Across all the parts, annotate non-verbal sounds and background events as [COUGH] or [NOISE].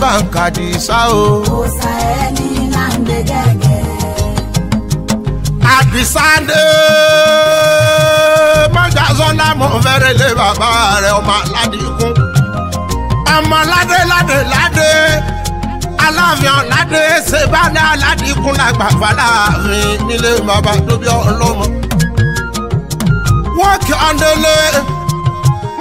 bá ń kàdí sá o. òòsà ẹni là ń gbé gẹ́gẹ́. àdìsáńdé mọ́jàsọ́lá mo fẹ́rẹ̀ lé bàbá rẹ̀ ọmọ aládìkún. ọmọ ládé ládé ládé aláàfin ọ̀ládé ṣèbáná aládìkún làgbàfà láàrin nílé bàbá tóbi ọlọ́mọ. wọ́ọ̀kì ọ̀ndẹ́lẹ́.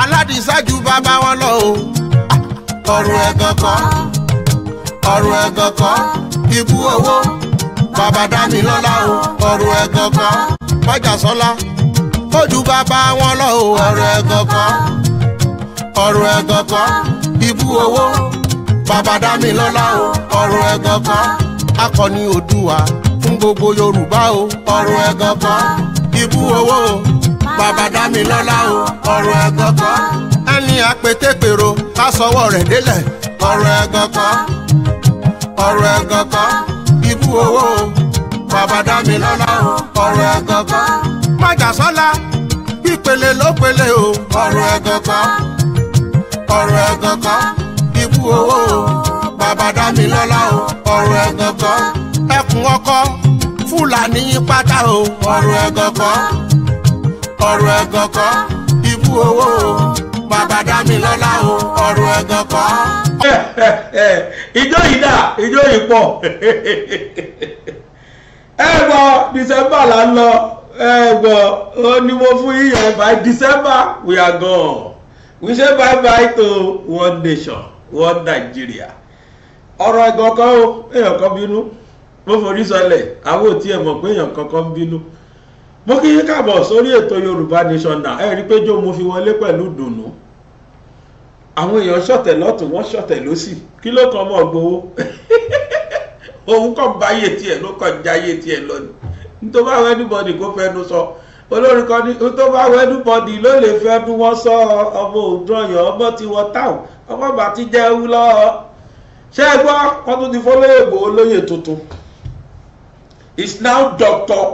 aládìsájú bàbá wọn lọ o. ọ̀rọ̀ ẹ̀gàn kan ọ̀rọ̀ ẹ̀gàn kan ibú owó bàbá dámilọ́lá o. ọ̀rọ̀ ẹ̀gàn kan fọjàsọ́lá ó ju bàbá wọn lọ o. ọ̀rọ̀ ẹ̀gàn kan ọ̀rọ̀ ẹ̀gàn kan ibú owó bàbá dámilọ́lá o. ọ̀rọ̀ ẹ̀gàn kan akọni Oòduà fún gbogbo Yorùbá o. ọ̀rọ̀ ẹ̀gàn kan ibú owó bàbá Dámilọ́lá o ọ̀rọ̀ ẹ̀gàn kọ́. ẹni àpètèpèrò ká sọwọ́ rẹ̀ délẹ̀ ọ̀rọ̀ ẹ̀gàn kọ́ ọ̀rọ̀ ẹ̀gàn ikú owó o bàbá Dámilọ́lá o ọ̀rọ̀ ẹ̀gàn kọ́. májàsọ́lá pípele ló pele o ọ̀rọ̀ ẹ̀gàn kọ́ ọ̀rọ̀ ẹ̀gàn kọ́ ikú owó o bàbá Dámilọ́lá o ọ̀rọ̀ ẹ̀gàn kọ́. ẹkùn ọkọ fúlàní pátá o ọ̀rọ̀ ẹ̀gàn ọ̀rọ̀ ẹ̀gàn kọ́ ibú owó o bàbá dámilọ́lá o ọ̀rọ̀ ẹ̀gàn kọ́. ìjọ yìí dà ìjọ yìí pọ̀ ẹ gbọ́ December là ń lọ ẹ gbọ́ ó mo fún yíyan by December we are gone we say bye bye to one nation one Nigeria ọ̀rọ̀ ẹ̀gàn kan o èèyàn kan bínú mo forí sọlẹ̀ àwọn ò tiẹ̀ mọ̀ pé èèyàn kankan bínú mo kí yín káàbọ̀ sórí ètò yorùbá nation now ẹ rí i pé jó mo fi wọlé pẹ̀lú dùnú àwọn èèyàn ṣọ̀tẹ̀ lọ́tún wọ́n ṣọ̀tẹ̀ lọ́sì kí ló kàn mọ́ gbowó [LAUGHS] òun kàn bá yé tiẹ̀ ló kàn já yé tiẹ̀ lọ́nìí nítorí bá wẹ́n níbọ̀dì kó fẹnu sọ olórin kan ní tó bá wẹ́n níbọ̀dì ló lè fẹ́ bí wọ́n sọ ọmọ òdúrọ̀yàn ọmọ tí wọ́n táwọn ọmọ bàtí jẹ́ ewu lọ́ọ́ ṣé ẹ gbọ́ wọ́n tún ti fọ́lọ́ ègbò olóyè tuntun is now doctor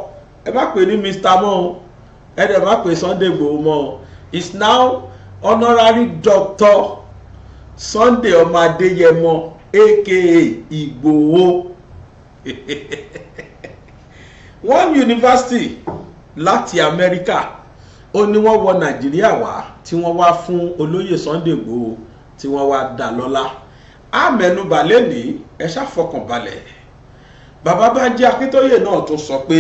ẹ má pè ní Mr mọ́ o ẹ dẹ̀ má pè Sunday Igboho mọ́ o is now honorary doctor Sunday ọmọ Adéyẹmọ aka Igboho [LAUGHS] one university láti America. ó ní wọ́n wọ Nàìjíríà wá tí wọ́n wá fún olóyè Sunday Igboho tí wọ́n wá dà lọ́lá á mẹ́nubà lẹ́nìí ẹ ṣàfọkànbalẹ̀ bàbá Bánjí Akíntóyè náà tún sọ pé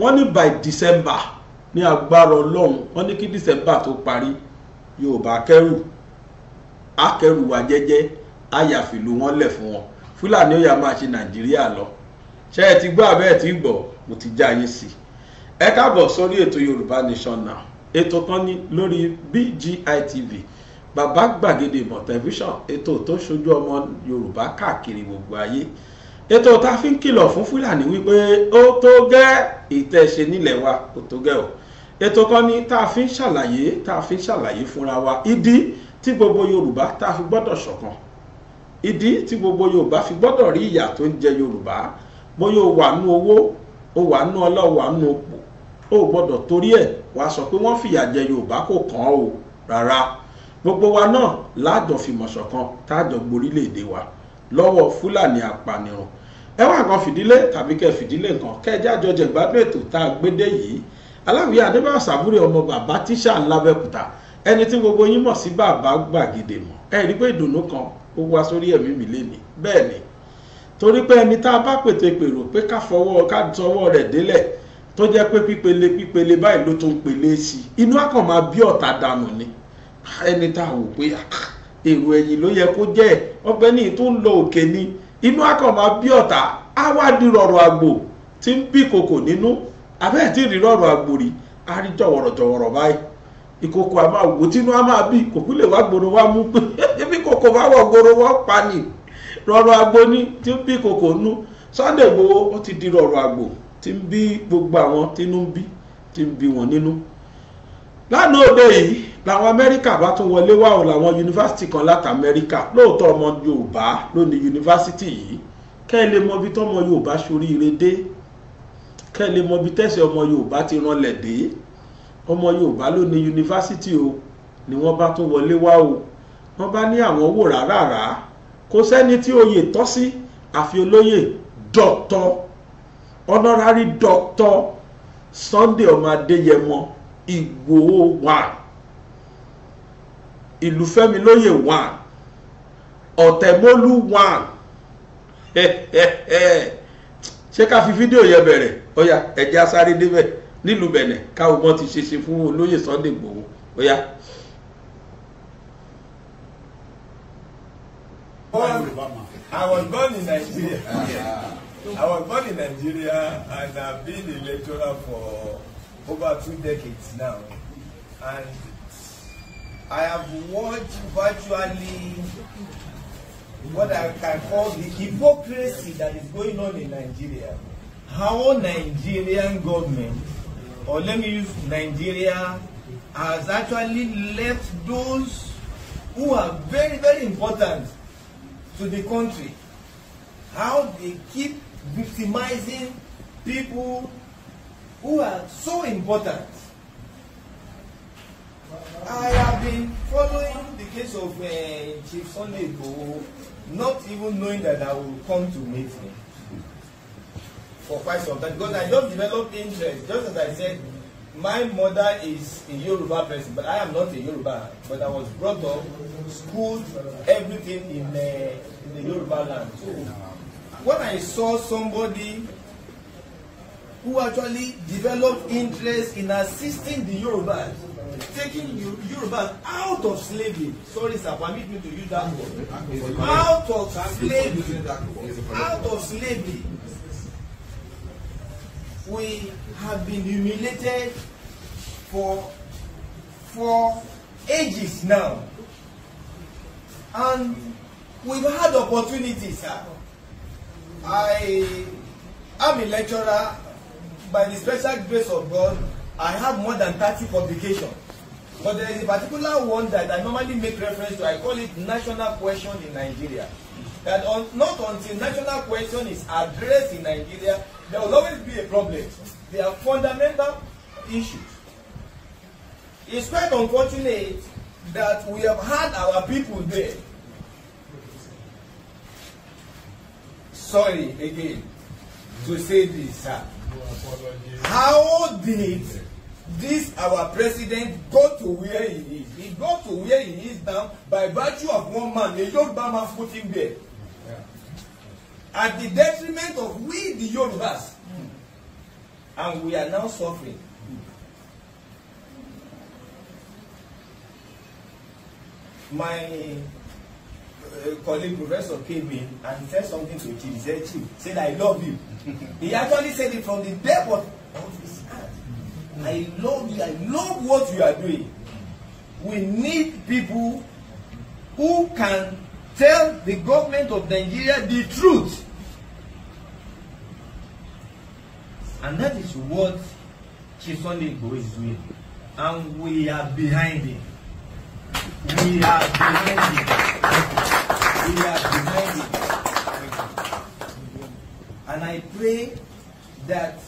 wọ́n ní by December ní agbára ọlọ́run wọ́n ní kí December tó parí Yorùbá kẹrù akẹrù wa jẹ́jẹ́ àyàfìlú wọn lẹ̀ fún wọn Fúlàní ó yá máa ṣe Nàìjíríà lọ ṣé ẹ ti gbọ́ àbẹ́ ẹ ti gbọ́ mo ti já yín sí ẹ káàbọ̀ sórí ètò Yorùbá Nation Now ètò kan ní lórí BGI TV bàbá gbàgede mọ̀ tẹlifíṣàn ètò tó ṣojú ọmọ Yorùbá káàkiri gbogbo ayé ètò tá a fi ń kìlọ̀ fún fúlàní wípé ó tó gẹ́ ìtẹ̀ṣe nílẹ̀ wa ó tó gẹ́ o ètò kan ni tá a fi ń ṣàlàyé tá a fi ń ṣàlàyé fúnra wa ìdí tí gbogbo yorùbá tá a fi gbọ́dọ̀ ṣọ̀kan ìdí tí gbogbo yorùbá fi gbọ́dọ̀ rí ìyà tó ń jẹ yorùbá bóyá o wà nú owó o wà nú ọlá o wà nú opò o gbọ́dọ̀ torí ẹ̀ wàá sọ pé wọ́n fìyà jẹ yorùbá kò kàn o rárá gbogbo wa náà láàjọ fìmọ̀ ṣọ̀kan táàjọ gborílẹ̀-èdè wa lọ́wọ́ fúlàní apanirun ẹ wá nǹkan fìdílé tàbí kẹ fìdílé nǹkan kẹ jájọ jẹgbádùn ètò tá a gbédé yìí aláwìyé adébáyọ sàbúrè ọmọ bàbá tíṣà ńlábẹ́kúta ẹni tí gbogbo yín mọ̀ sí bàbá gbàgede mọ̀ ẹ rí pé ìdùnnú kan ó wá sórí ẹ̀mí mi lé ní bẹ́ẹ̀ ni torí pé ẹni tá a bá pètè pèrò pé ká fọwọ́ ká tọwọ́ rẹ̀ délẹ̀ tó jẹ́ pé pípele pípele báyìí ló tún pele sí i inú akàn máa bí ọ̀tá dànù ni ẹni tá a wò pé ah, èrò ẹ̀yìn ló yẹ kó jẹ́ ọgbẹ́ni tó ń lọ òkè ni inú akọ̀mọ́ bí ọ̀tá á wá di rọ̀rọ̀ àgbò tí ń bí kòkò nínú abẹ́ẹ̀ tí rí rọ̀rọ̀ àgbò rí á rí jọ̀wọ̀rọ̀jọ̀wọ̀rọ̀ báyìí ìkòkò a máa wò tínú a máa bí kòkú lè wá gbòòrò wá mú pé [LAUGHS] ebi kòkò bá wọ̀ gbòòrò wọ́n pa ni rọ̀rọ̀ àgbò ni tí ń bí kòkò nú Sunday Igboho ó ti di rọ̀rọ̀ àgbò tí ń bí gbogbo àwọn tínú ń bí tí ń bí wọn nínú lánàá òde yìí làwọn amẹ́ríkà bá tún wọlé wá ò làwọn yunifásitì kan láti amẹ́ríkà lóòótọ́ ọmọ yorùbá ló ní yunifásitì yìí kẹ́ ẹ lè mọ ibi tọ́mọ yorùbá ṣoríire dé kẹ́ ẹ lè mọ ibi tẹ́sẹ̀ ọmọ yorùbá ti ranlẹ̀ dé ọmọ yorùbá ló ní yunifásitì o ni wọ́n bá tún wọlé wá o wọ́n bá ní àwọn wò rárá kò sẹ́ni tí oyè tọ́ sí àfi olóyè dọ̀tọ̀ honorary dọ̀tọ̀ Sunday ọmọ adéyẹmọ Ìgbòho wà. Ìlúfẹ́milóyè one Ọ̀tẹ̀mọ́lú one [LAUGHS] ṣé ká fi fídíò yẹn bẹ̀rẹ̀ ọ̀yà ẹ̀jẹ̀ asáré débẹ̀ nílùú Bẹ̀nẹ̀ káwọn ọmọ ti ṣe ṣe fún olóyè Sunday Igboho ọ̀yà. I was born in Nigeria. I was born in Nigeria and I've been a lecturer for over two decades now. And I have watched virtually what I can call the hypocrisy that is going on in Nigeria. How Nigerian government, or let me use Nigeria, has actually left those who are very, very important to the country. How they keep victimizing people who are so important I have been following the case of uh, Chief Sunday Igboho, not even knowing that I will come to meet him for quite some time because I just developed interest. Just as I said, my mother is a Yoruba person, but I am not a Yoruba. But I was brought up, schooled, everything in, uh, in the Yoruba land. So when I saw somebody who actually developed interest in assisting the Yorubas, taking Yorubas out of slavery. Sorry, sir, permit me to use that word. Out of slavery. Out of slavery. We have been humiliated for for ages now. And we've had opportunities, sir. I am a lecturer by the special grace of God, I have more than 30 publications. But there is a particular one that I normally make reference to. I call it National Question in Nigeria. That on, not until national question is addressed in Nigeria, there will always be a problem. They are fundamental issues. It's quite unfortunate that we have had our people there. Sorry again to say this, sir. How did this our president go to where he is? He go to where he is now by virtue of one man. A Yoruba man put him there. At the detriment of we, the Yorubas. And we are now suffering. My uh, colleague, Professor, came in and said something to Chief. He said, Chief, said, I love you. He actually said it from the depth of his heart. I love you. I love what you are doing. We need people who can tell the government of Nigeria the truth. And that is what Chisonde Igboho is doing. And we are behind him. We are behind him. We are behind him. And I pray that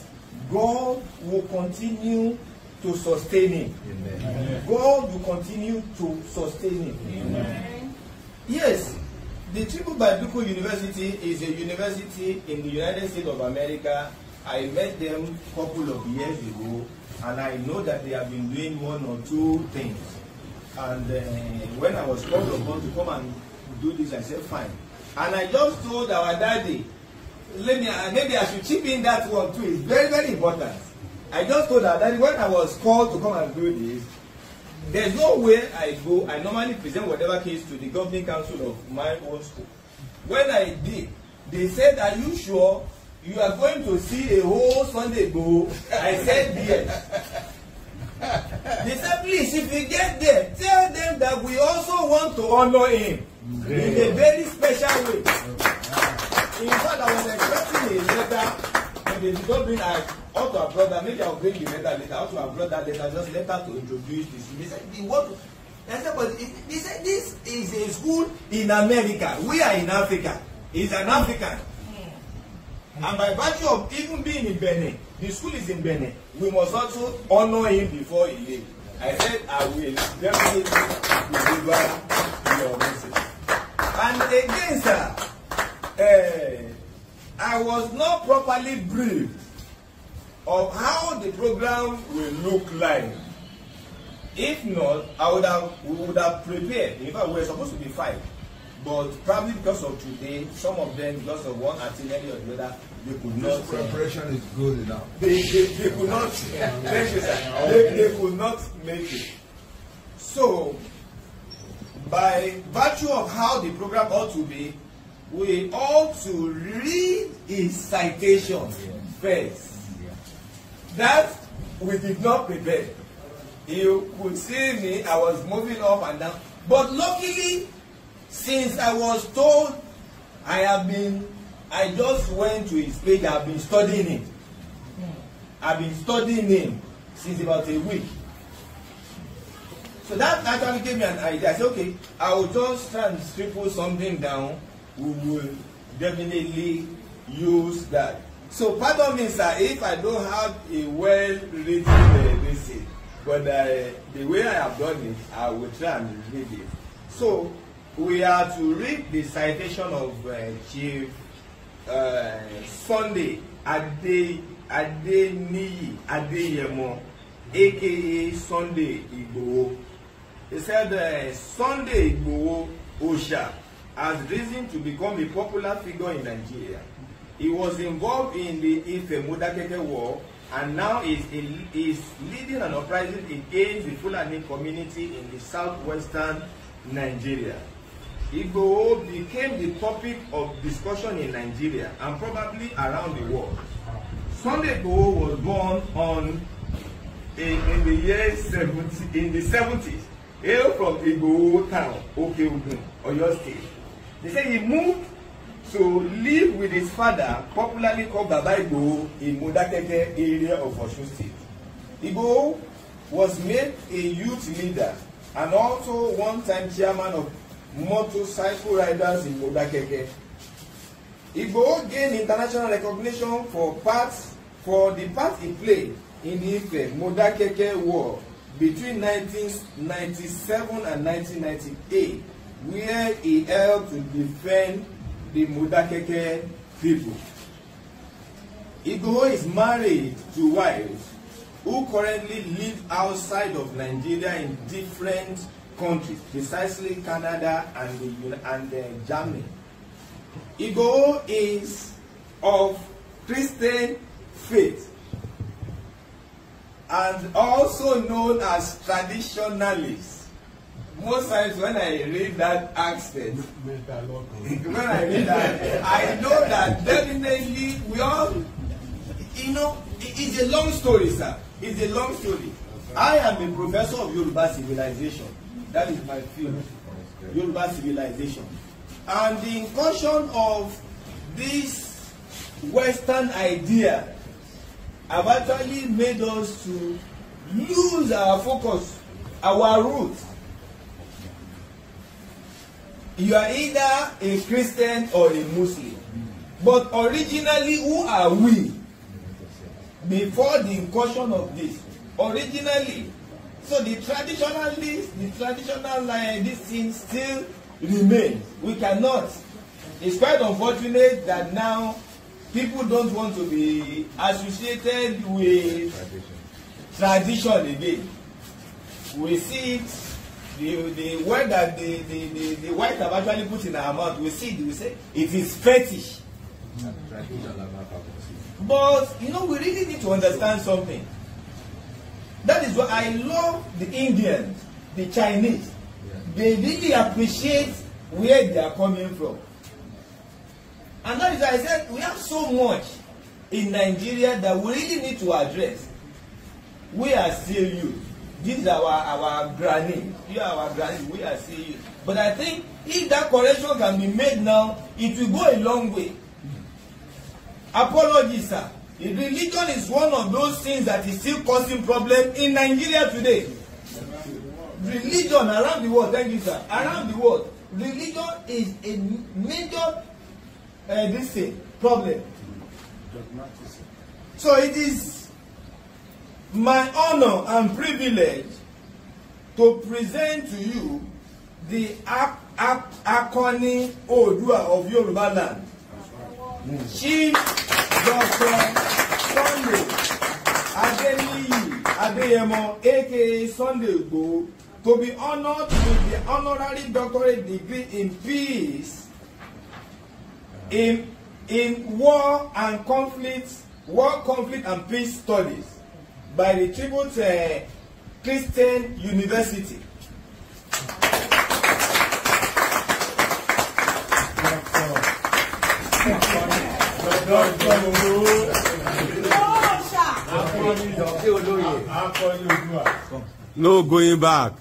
God will continue to sustain him. Amen. God will continue to sustain him. Amen. Yes, the Triple Biblical University is a university in the United States of America. I met them a couple of years ago, and I know that they have been doing one or two things. And uh, when I was called upon to come and do this, I said, fine. And I just told our daddy let me uh, maybe I should chip in that one too. It's very very important. I just told her that when I was called to come and do this, there's no way I go. I normally present whatever case to the governing council of my own school. When I did, they said, "Are you sure you are going to see a whole Sunday go?" I said, "Yes." they said, "Please, if you get there, tell them that we also want to honor him in a very special way." Yeah. In fact, I was expecting a letter, but they told me I ought to have brought that. Maybe I'll bring the letter later. I ought have brought that letter, just letter to introduce this. They said, what? I said, but they said, this is a school in America. We are in Africa. He's an African. Hmm. And by virtue of even being in Benin, the school is in Benin, we must also honor him before he leaves. I said, I will definitely deliver your message. And again, sir, I was not properly briefed of how the program will look like. If not, I would have we would have prepared. In fact, we were supposed to be five, but probably because of today, some of them because of one artillery or the other, they could this not. Uh, preparation uh, is good enough. They they, they could not. [LAUGHS] [LAUGHS] thank you, sir. They, they could not make it. So, by virtue of how the program ought to be, we ought to read his citation first. That we did not prepare. You could see me, I was moving up and down. But luckily, since I was told, I have been, I just went to his page, I've been studying it. I've been studying him since about a week. So that actually gave me an idea. I said, okay, I will just try and scribble something down we will definitely use that. So part of it, sir, if I don't have a well-written uh, reason, but uh, the way I have done it, I will try and read it. So we are to read the citation of uh, Chief uh, Sunday Ade Ade Niyi Adeyemo, aka Sunday Igbo. He said uh, Sunday Igbo Osha has risen to become a popular figure in Nigeria. He was involved in the Ife-Modakeke War and now is, in, is leading an uprising against the Fulani community in the southwestern Nigeria. Igboho became the topic of discussion in Nigeria and probably around the world. Sunday Igboho was born on in, in the year 70, in the 70s, hail from Igboho town, Okeogun, Oyo State. They say he moved to live with his father, popularly called Baba Igboho, in Modakeke area of Osun State. Igboho was made a youth leader and also one-time chairman of motorcycle riders in Modakeke. Igboho gained international recognition for part for the part he played in the Ife Modakeke War between 1997 and 1998. where he helped to defend the Mudakeke people. Igbo is married to wives who currently live outside of Nigeria in different countries, precisely Canada and, the, and uh, Germany. Igbo is of Christian faith and also known as traditionalist. most times when I read that accent, [LAUGHS] when I read that, I know that definitely we all, you know, it's a long story, sir. It's a long story. I am a professor of Yoruba civilization. That is my field, Yoruba civilization. And the incursion of this Western idea have actually made us to lose our focus, our roots you are either a Christian or a Muslim but originally who are we before the incursion of this originally so the traditionalist the traditional line, this thing still remain we cannot it's quite unfortunate that now people don't want to be associated with tradition, tradition again we see it the the word that the the the, the white have actually put in our mouth we see it we say it is fetish. but you know we really need to understand something that is why I love the Indians the Chinese they really appreciate where they are coming from and that is why I said we have so much in Nigeria that we really need to address we are still youth this is our our granny you are our granny we are seeing you but i think if that correction can be made now it will go a long way apology sir religion is one of those things that is still causing problem in nigeria today religion around the world thank you sir around the world religion is a major uh, this thing problem so it is my honor and privilege to present to you the Ak Ak Akoni Odua of Yoruba land. Right. Chief Doctor Sunday Adeniyi Adeyemo aka Sunday Igboho to be honoured with the honorary doctorate degree in peace, in, in war and conflict, war, conflict and peace studies by the Tribute uh, Christian University. No going back.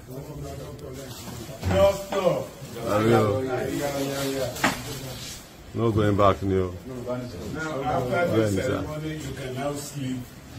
No going back, Neil. No, after the ceremony, you can now sleep.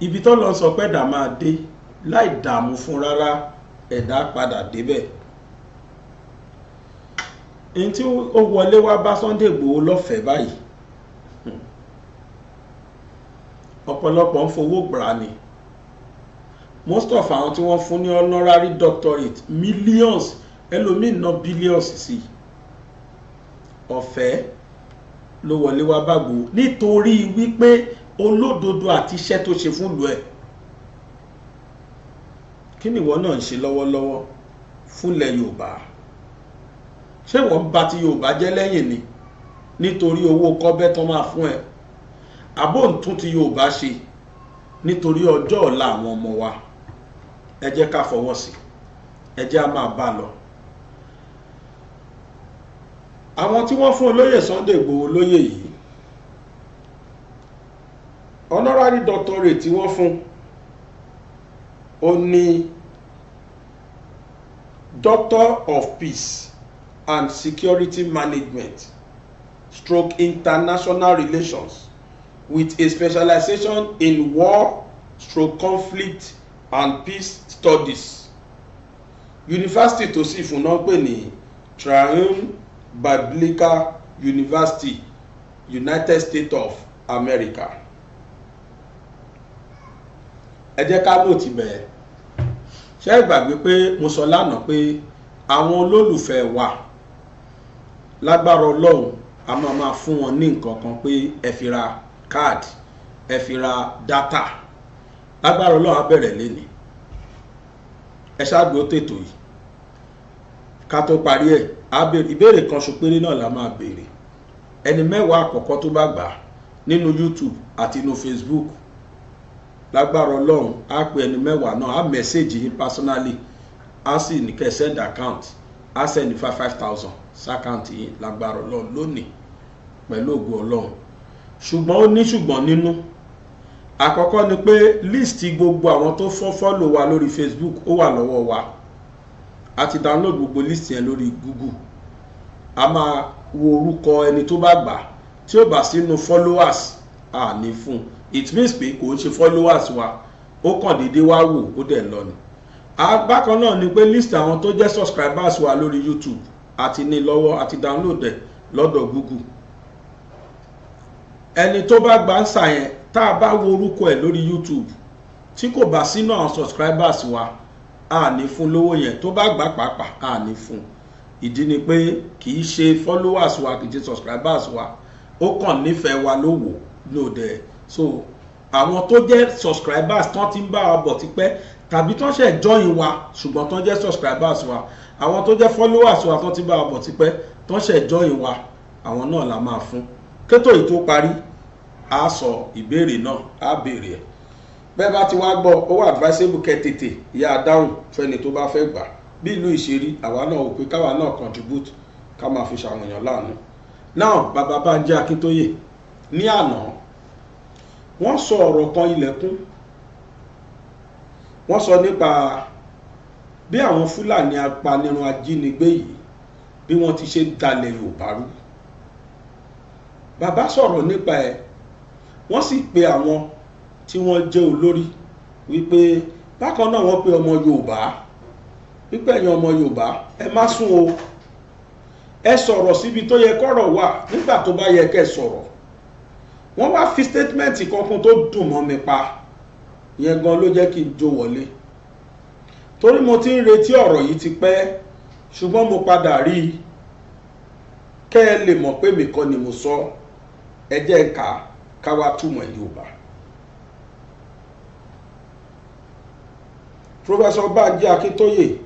ibi tó lọ sọ pé ẹ̀dá máa dé láì dààmú fún rárá ẹ̀dá padà débẹ̀ ẹni tí ó wọlé wá bá Sunday Igboho lọ́fẹ̀ẹ́ báyìí ọ̀pọ̀lọpọ̀ ń fowó gbà ni most of àwọn tí wọ́n fún ní honorary doctorate millions ẹlòmíì ná billions sí ọ̀fẹ́ ló wọlé wá bá Igboho nítorí wípé olódodo àti iṣẹ́ tó ṣe fún ìlú ẹ̀ kí ni ìwọ náà ń ṣe lọ́wọ́lọ́wọ́ fúnlẹ̀ Yorùbá ṣé wọ́n ń ba ti Yorùbá jẹ́ lẹ́yìn ni nítorí owó kọ́bẹ́ tán máa fún ẹ àbó ń tún ti Yorùbá ṣe nítorí ọjọ́ ọ̀la àwọn ọmọ wa ẹ jẹ́ ká fọwọ́ sí ẹ jẹ́ a máa bá lọ. àwọn tí wọ́n fún olóyè Sunday Igboho lóyè yìí honorary doctorate tí wọ́n fún ó ní doctor of peace and security management stroke international relations with a specialization in war stroke conflict and peace studies University tó sì fún náà pè ní Triumph Biblical University United States of America ẹ jẹ́ ká lò tì bẹ̀ẹ́ ṣé ẹ gbàgbé pé mo sọ lánàá pé àwọn olólùfẹ́ wa lágbára ọlọ́run a máa máa fún wọn ní nǹkan kan pé ẹ fi ra káàdì ẹ fi ra dátà lágbára ọlọ́run á bẹ̀rẹ̀ lénìí ẹ ṣáàgbé ó tètò yìí ká tó parí ẹ̀ ìbéèrè kan ṣopéré náà la máa béèrè ẹni mẹ́wàá àkọ́kọ́ tó bá gbà nínú YouTube àti inú Facebook lágbára ọlọ́run á pe ẹni mẹ́wàá náà á mẹ́sẹ̀gì yín personally á sì ní kẹ́ send account á send five five thousand sákàǹtì yín lágbára ọlọ́run lónìí pẹ̀lú ògo ọlọ́run ṣùgbọ́n ó ní ṣùgbọ́n nínú àkọ́kọ́ ni pé list gbogbo àwọn tó fọ́ fọ́lò wa lórí facebook ó wà lọ́wọ́ wa a ti download gbogbo list yẹn lórí google a máa wo orúkọ ẹni tó bá gbà tí ó bá sínú followers a ní fún un it means pé kò ń ṣe followers wa ó kàn déédéé wá wò ó dẹ̀ lọ ni bákan náà ni pé list àwọn tó jẹ́ subscribers wa lórí youtube àti ní lọ́wọ́ àti download ẹ̀ lọ́dọ̀ google ẹni tó bá gba answer yẹn tá a bá wo orúkọ ẹ̀ lórí youtube tí kò bá sínú àwọn subscribers wa a ní fún lówó yẹn tó bá gbà pàápàá a ní fún ìdí ni pé kì í ṣe followers wa kì í ṣe subscribers wa ó kàn nífẹ̀ẹ́ wa lówó lóde ẹ̀ so àwọn tó jẹ́ subscribers tán ti ń bá wa bọ̀ tipẹ́ tàbí tán ṣẹ̀ join wa ṣùgbọ́n tán jẹ́ subscribers wa àwọn tó jẹ́ followers wa tán ti bá wa bọ̀ tipẹ́ tán ṣẹ̀ join wa àwọn náà la máa fún kétò yìí tó parí a sọ ìbéèrè náà a béèrè ẹ̀ bẹ́ẹ̀ bá ti wá gbọ́ ó wà advisable kẹ́ tètè yá dáhùn fẹ́ni tó bá fẹ́ gbà bí ìlú ìṣerí àwa náà wò pé káwa náà contribute ká máa fi ṣàwọn èèyàn láàánú now bàbá Bánjí Akíntóyè ní àná wọ́n sọ ọ̀rọ̀ kan ilẹ̀kùn wọ́n sọ nípa bí àwọn fúlàní apanirun ajínigbé yìí bí wọ́n ti ṣe dalẹ̀ yorùbá rú bàbá sọ̀rọ̀ nípa ẹ̀ wọ́n sì pe àwọn tí wọ́n jẹ́ olórí wípé bákan náà wọ́n pe ọmọ yorùbá wípé ẹ̀yin ọmọ yorùbá ẹ má sún o ẹ sọ̀rọ̀ síbi tó yẹ kọ́rọ̀ wà nígbà tó bá yẹ kẹ́ sọ̀rọ̀ wọ́n wá fi statement kankan tó dùn mọ́ mi pa yẹn gan ló jẹ́ kí n jó wọlé torí mo ti ń retí ọ̀rọ̀ yìí ti pẹ́ ṣùgbọ́n mo padà rí i kẹ́ ẹ lè mọ̀ pé mi ni mo sọ ẹ jẹ́ ká ká wá túmọ̀ Yorùbá. Professor Banji Akintoye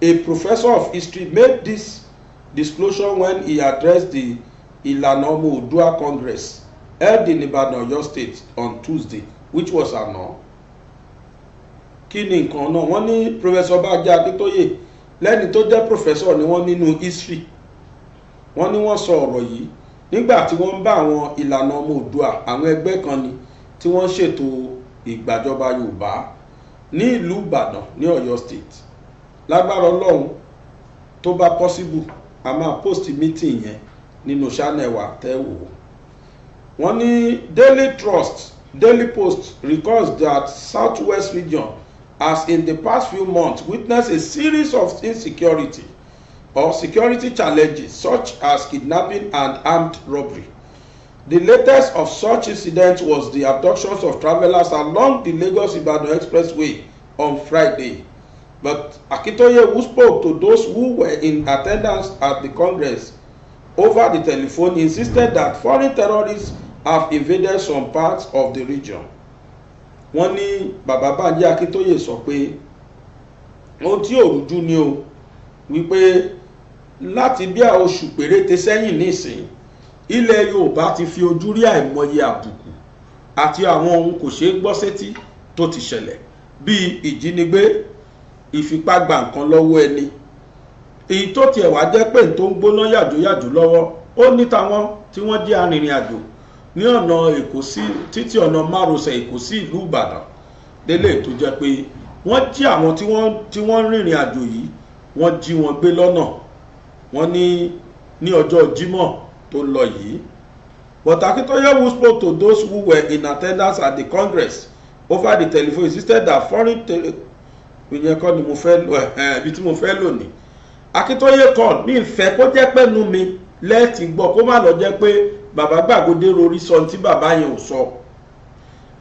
a professor of history made this disclosure when he addressed the Ìlànà Ọmọ Oòduà Congress held in Ibadan, Oyo State on Tuesday, which was àná. Kí ni nǹkan náà? Wọ́n ní Professor Bájá Adétóyè lẹ́ni tó jẹ́ professor ni wọ́n nínú history. Wọ́n ní wọ́n sọ ọ̀rọ̀ yìí nígbà tí wọ́n ń bá àwọn ìlànà ọmọ Oòduà àwọn ẹgbẹ́ kan ni tí wọ́n ṣètò ìgbàjọba Yorùbá ní ìlú Ìbàdàn ní Ọ̀yọ́ State. Lágbára Ọlọ́run tó bá possible a máa post meeting yẹn nínú channel wa tẹ́ wọ́n ní Daily Trust Daily Post records that Southwest region has in the past few months witnessed a series of insecurity or security challenges such as kidnapping and armed robbery. The latest of such incidents was the abductions of travelers along the Lagos-Ibadan Expressway on Friday. But Akintoye, who spoke to those who were in attendance at the Congress over the telephone, insisted that foreign terrorists have invaded some parts of the region wọ́n ní bàbá Bánjí Akíntóyè sọ pé ohun tí òrùjú ni o wípé láti bí a oṣù péréte sẹ́yìn nísìn ilẹ̀ Yorùbá ti fi ojú rí àìmọye àbùkù àti àwọn ohun kò ṣeé gbọ́ sétí tó ti ṣẹlẹ̀ bíi ìjínigbé ìfipágba nǹkan lọ́wọ́ ẹni èyí tó tiẹ̀ wá jẹ́ pé tó ń gbóná yàjóyàjó lọ́wọ́ ó ní tàwọn tí wọ́n jẹ́ arìnrìn àjò ní ọ̀nà èkó sí títí ọ̀nà márosẹ̀ èkó sí ìlú ìbàdàn délé tó jẹ́ pé wọ́n jí àwọn tí wọ́n rìnrìn àjò yìí wọ́n jí wọn gbé lọ́nà wọ́n ní ní ọjọ́ jímọ̀ tó lọ yìí but akintoye who spoke to those who were in attendance at the congress over the telephone insisted that foreign tele ìyẹn kọ́ ni mo fẹ́ lò ẹ̀ ibi tí mo fẹ́ lò ní akintoye called mi ìfẹ́ kó jẹ́ pẹ́nu mi lẹ́ẹ̀tì gbọ́ kó má lọ jẹ́ pé Baba, gbàgede rori sọ tí Baba, yẹn ò sọ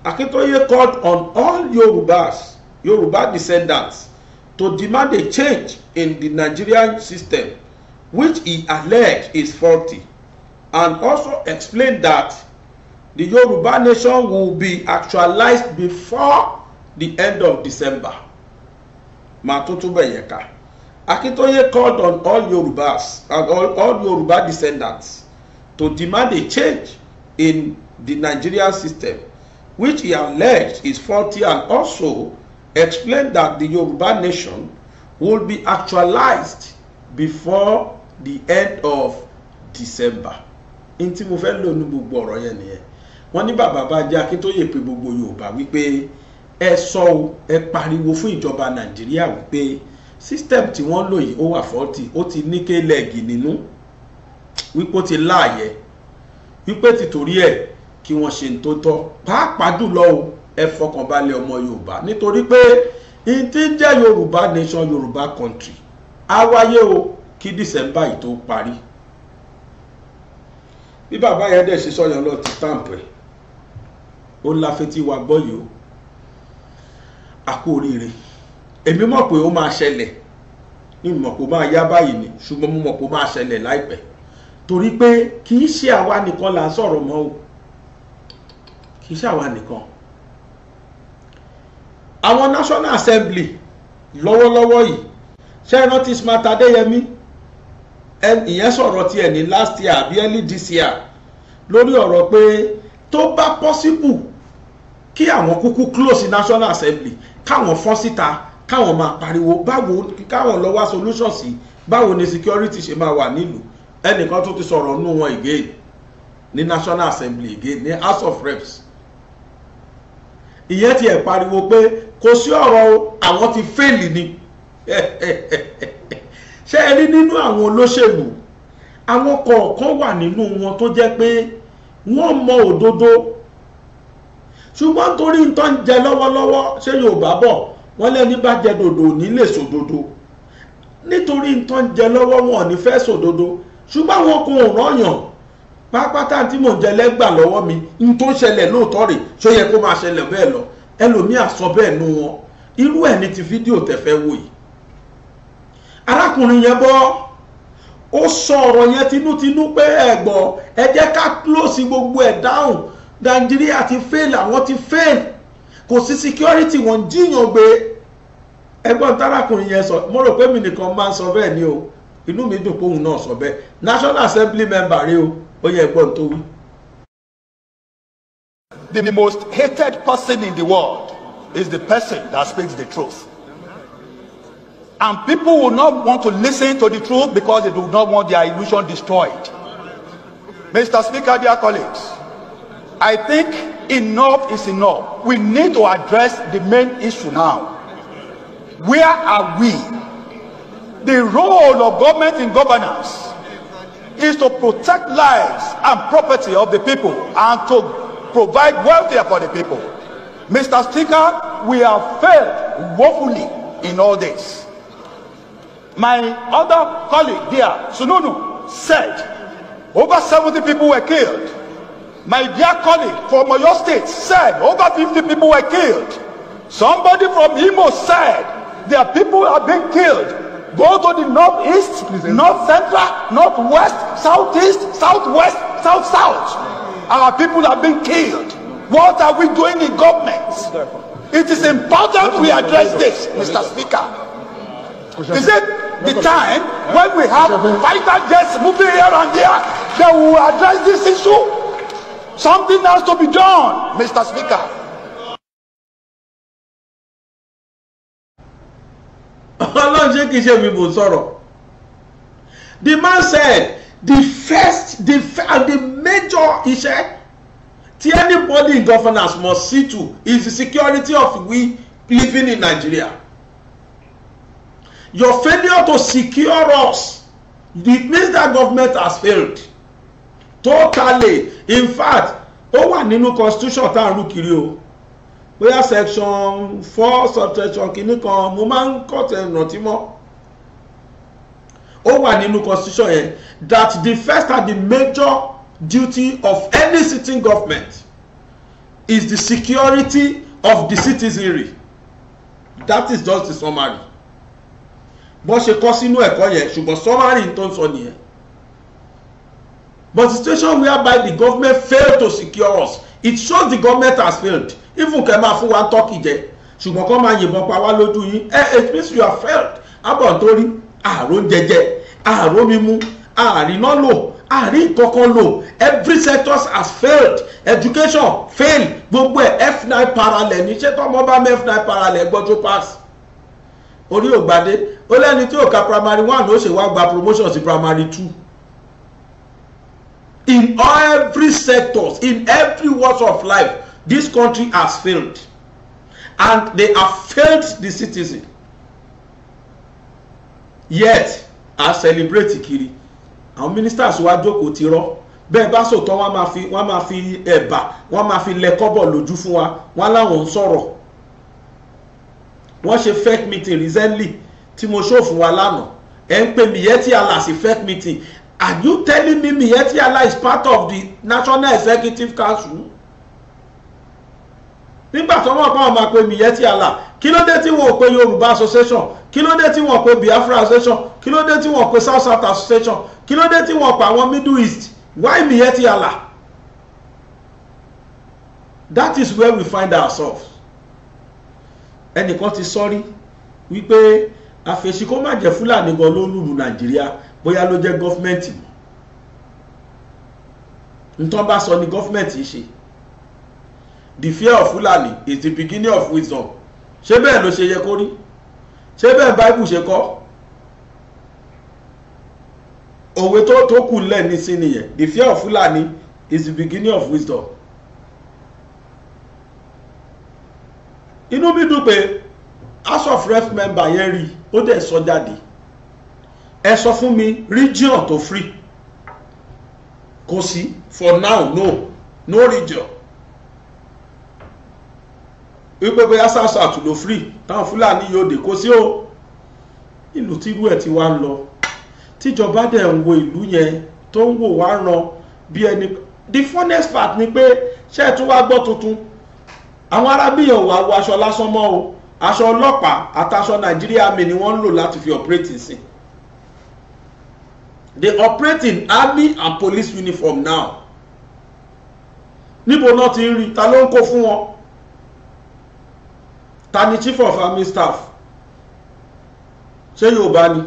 Akintoye called on all Yorubas Yoruba descendants to demand a change in the Nigerian system which he alleged is faulty and also explained that the Yoruba nation will be actualized before the end of December Matutu Bayeka. Akintoye called on all Yorubas and all, all Yoruba descendants to demand a change in the Nigerian system, which he alleged is faulty and also explained that the Yoruba nation will be actualized before the end of December. n tí mo fẹ́ lò gbogbo ọ̀rọ̀ yẹn nìyẹn wọ́n ní bàbá bá jẹ́ Akíntóyè pé gbogbo Yorùbá wípé ẹ sọ o ẹ pariwo fún ìjọba Nàìjíríà wípé system tí wọ́n lò yìí ó wà fọ́ọ̀tì ó ti níkélẹ̀gì nínú wípé ó ti láàyè wípé tìtorí ẹ̀ kí wọ́n ṣe tó tọ́ pàápàá jùlọ o ẹ fọkànbalẹ̀ ọmọ yorùbá nítorí pé n ti jẹ́ yorùbá nation yorùbá country á wáyé o kí december yìí tó parí bí bàbá yẹn dẹ̀ ṣe sọ́yàn lọ ti stamp ẹ̀ ó láfetí wa gbọ́ yìí o àkó oríire èmi mọ̀ pé ó máa ṣẹlẹ̀ ní mọ̀ pé ó máa yá báyìí ni ṣùgbọ́n mo mọ̀ pé ó máa ṣẹlẹ̀ láìpẹ́ torí pé kì í ṣe àwa nìkan là ń sọ̀rọ̀ mọ́ o kì í ṣe àwa nìkan àwọn National Assembly lọ́wọ́lọ́wọ́ yìí ṣé ẹ rántí Smart Adéyẹmí ìyẹn sọ̀rọ̀ tiẹ̀ ní last year àbí early this year lórí ọ̀rọ̀ pé tó bá possible kí àwọn kúkú close National Assembly káwọn fọ́n síta káwọn máa pariwo báwo káwọn lọ wá solution sí báwo ni security ṣe máa wà nílùú ẹnìkan tó ti sọ̀rọ̀ nù wọn again ní National Assembly again ní House of Reps ìyẹn ti ẹ̀ pariwo pé kò sí ọ̀rọ̀ àwọn ti fẹ́ẹ̀lì ni [LAUGHS] ṣé ẹ rí nínú àwọn olóṣèlú àwọn kọ̀ọ̀kan wà nínú wọn tó jẹ́ pé wọ́n mọ òdodo ṣùgbọ́n torí ń tán jẹ lọ́wọ́lọ́wọ́ ṣé Yorùbá bọ̀ wọ́n lẹ́ni bá jẹ dòdò ní lè sòdodo nítorí ń tán jẹ lọ́wọ́ wọn ò ní fẹ́ sòdodo. So ṣùgbọ́n àwọn kan ò rọ̀yàn pápátá tí mò ń jẹ lẹ́gbà lọ́wọ́ mi n tó ṣẹlẹ̀ lóòótọ́ rè ṣó yẹ kó máa ṣẹlẹ̀ bẹ́ẹ̀ lọ ẹlòmíà sọ bẹ́ẹ̀ nu wọn irú ẹ̀ ní ti fídíò tẹ̀fẹ́ wò yìí arákùnrin yẹn bọ́ ó sọ ọ̀rọ̀ yẹn tinútinú pé ẹ̀gbọ́ ẹ jẹ́ ká close gbogbo ẹ̀ down nàìjíríà ti fail àwọn ti fail kò sí security wọ́n jíyàn gbé ẹgbọ́n tárákùnrin yẹn sọ mo rò pé mi nìkan máa ń sọ bẹ́ẹ̀ ni o inú mi dùn póun náà sọ bẹ́ẹ̀ national assembly member rèé o ó yẹ ẹ̀gbọ́n tó wí. The most hated person in the world is the person that speaks the truth. And people will not want to listen to the truth because they do not want their illusion destroyed. Mr. Speaker, dear colleagues, I think enough is enough. We need to address the main issue now. Where are we The role of government in governance is to protect lives and property of the people and to provide welfare for the people. Mr. Speaker, we have failed woefully in all this. My other colleague dear Sununu, said over 70 people were killed. My dear colleague from your state said over 50 people were killed. Somebody from Imo said their people are being killed Go to the northeast, Please north central, northwest, southeast, southwest, south south. Our people have been killed. What are we doing in government? It is important we address this, Mr. Speaker. Is it the time when we have fighter jets moving here and there that we will address this issue? Something has to be done, Mr. Speaker. ọlọ́run ṣé kìí ṣe mi mò ń sọ̀rọ̀ the man said the first the and the major iṣẹ́ tí anybody in governance must see to is the security of we living in Nigeria your failure to secure us it means that government has failed totally in fact ó wà nínú constitution tá a rú kiri o bóyá section four subsection kìíní kan mo máa ń kọ́tẹ̀ rántí mọ́ ó wà nínú constitution yẹn that the first and the major duty of any sitting government is the security of the citizenry that is just the summary bọ́n ṣe kọ́ sínú ẹ̀kọ́ yẹn ṣùgbọ́n summary tó ń sọ nìyẹn but the situation whereby the government failed to secure us it shows the government has failed even kẹ́ máa fún wa tọ́kì jẹ ṣùgbọ́n kọ́ máa yìnbọn pa wá lójú yín eh, it means you are failed abọ̀ nítorí ààrùn jẹjẹ ààrùn mímú ààrínà lò ààrín kankan lò every sector has failed education fail gbogbo ẹ f9 parallel ní ṣé tọmọ bá mẹ f9 parallel gbọ́dọ̀ pass orí ògbàdé ó lẹ́ni tí ò ka primary one ó ṣe wá gba promotion sí primary two in every sectors in every walks of life this country has failed and they have failed the citizen yet a celebrate kiri àwọn ministers wa jókòó ti rọ bẹ́ẹ̀ bá sòtọ́ wọ́n máa fi wọ́n máa fi ẹ̀bà wọ́n máa fi lẹ kọ́bọ̀ lójú fún wa wọ́n láwọn ń sọ̀rọ̀ wọ́n ṣe fake meeting recently tí mo show fún wa lánàá ẹ̀ ń pè Miyetti ala sí fake meeting are you telling me Miyetti ala is part of the National Executive Council? nígbà tó mọ̀ pé miyẹ́tì àlà kí ló dé tí wọn ò pe yorùbá association kí ló dé tí wọn ò pe biafra association kí ló dé tí wọn ò pe south south association kí ló dé tí wọn ò pa àwọn middle east why miyẹ́tì àlà that is where we find ourselves ẹnìkan ti sọ́rí wípé àfẹ̀sí kó má jẹ́ fúlàní gan ló lùlù nàìjíríà bóyá ló jẹ́ gọ́fmẹ̀ntì ntọ́ bá sọ ni gọ́fmẹ̀ntì ṣe the fear of Fulani is the beginning of wisdom ṣé bẹ́ẹ̀ ló ṣe yẹ kó rí ṣé bẹ́ẹ̀ Bible ṣe kọ́ òwe tó tó kù lẹ̀ nísìn nìyẹn the fear of Fulani is the beginning of wisdom inú mi dùn pé house of ref member yẹn rí ó dẹ̀ sọ jáde ẹ sọ fún mi region tó free kò sí for now no no region wípé bóyá sars àtúlò free táwọn fúlàní yóò dé kó sí o ìlú tírú ẹ̀ ti wá ń lọ tíjọba dẹ̀ ń wo ìlú yẹn tó ń wò wá ran bí ẹni the funnest part ni pé ṣé ẹ tún wá gbọ́ tuntun àwọn arábìyàn wà wọ aṣọ lásán mọ́ o aṣọ ọlọ́pàá àtàṣọ nàìjíríà mi ni wọ́n ń lò láti fi operate sí they operate in army and police uniform now níbo náà ti ń rí ta ló ń kó fún wọn ta ni chief of army staff ṣé yorùbá ni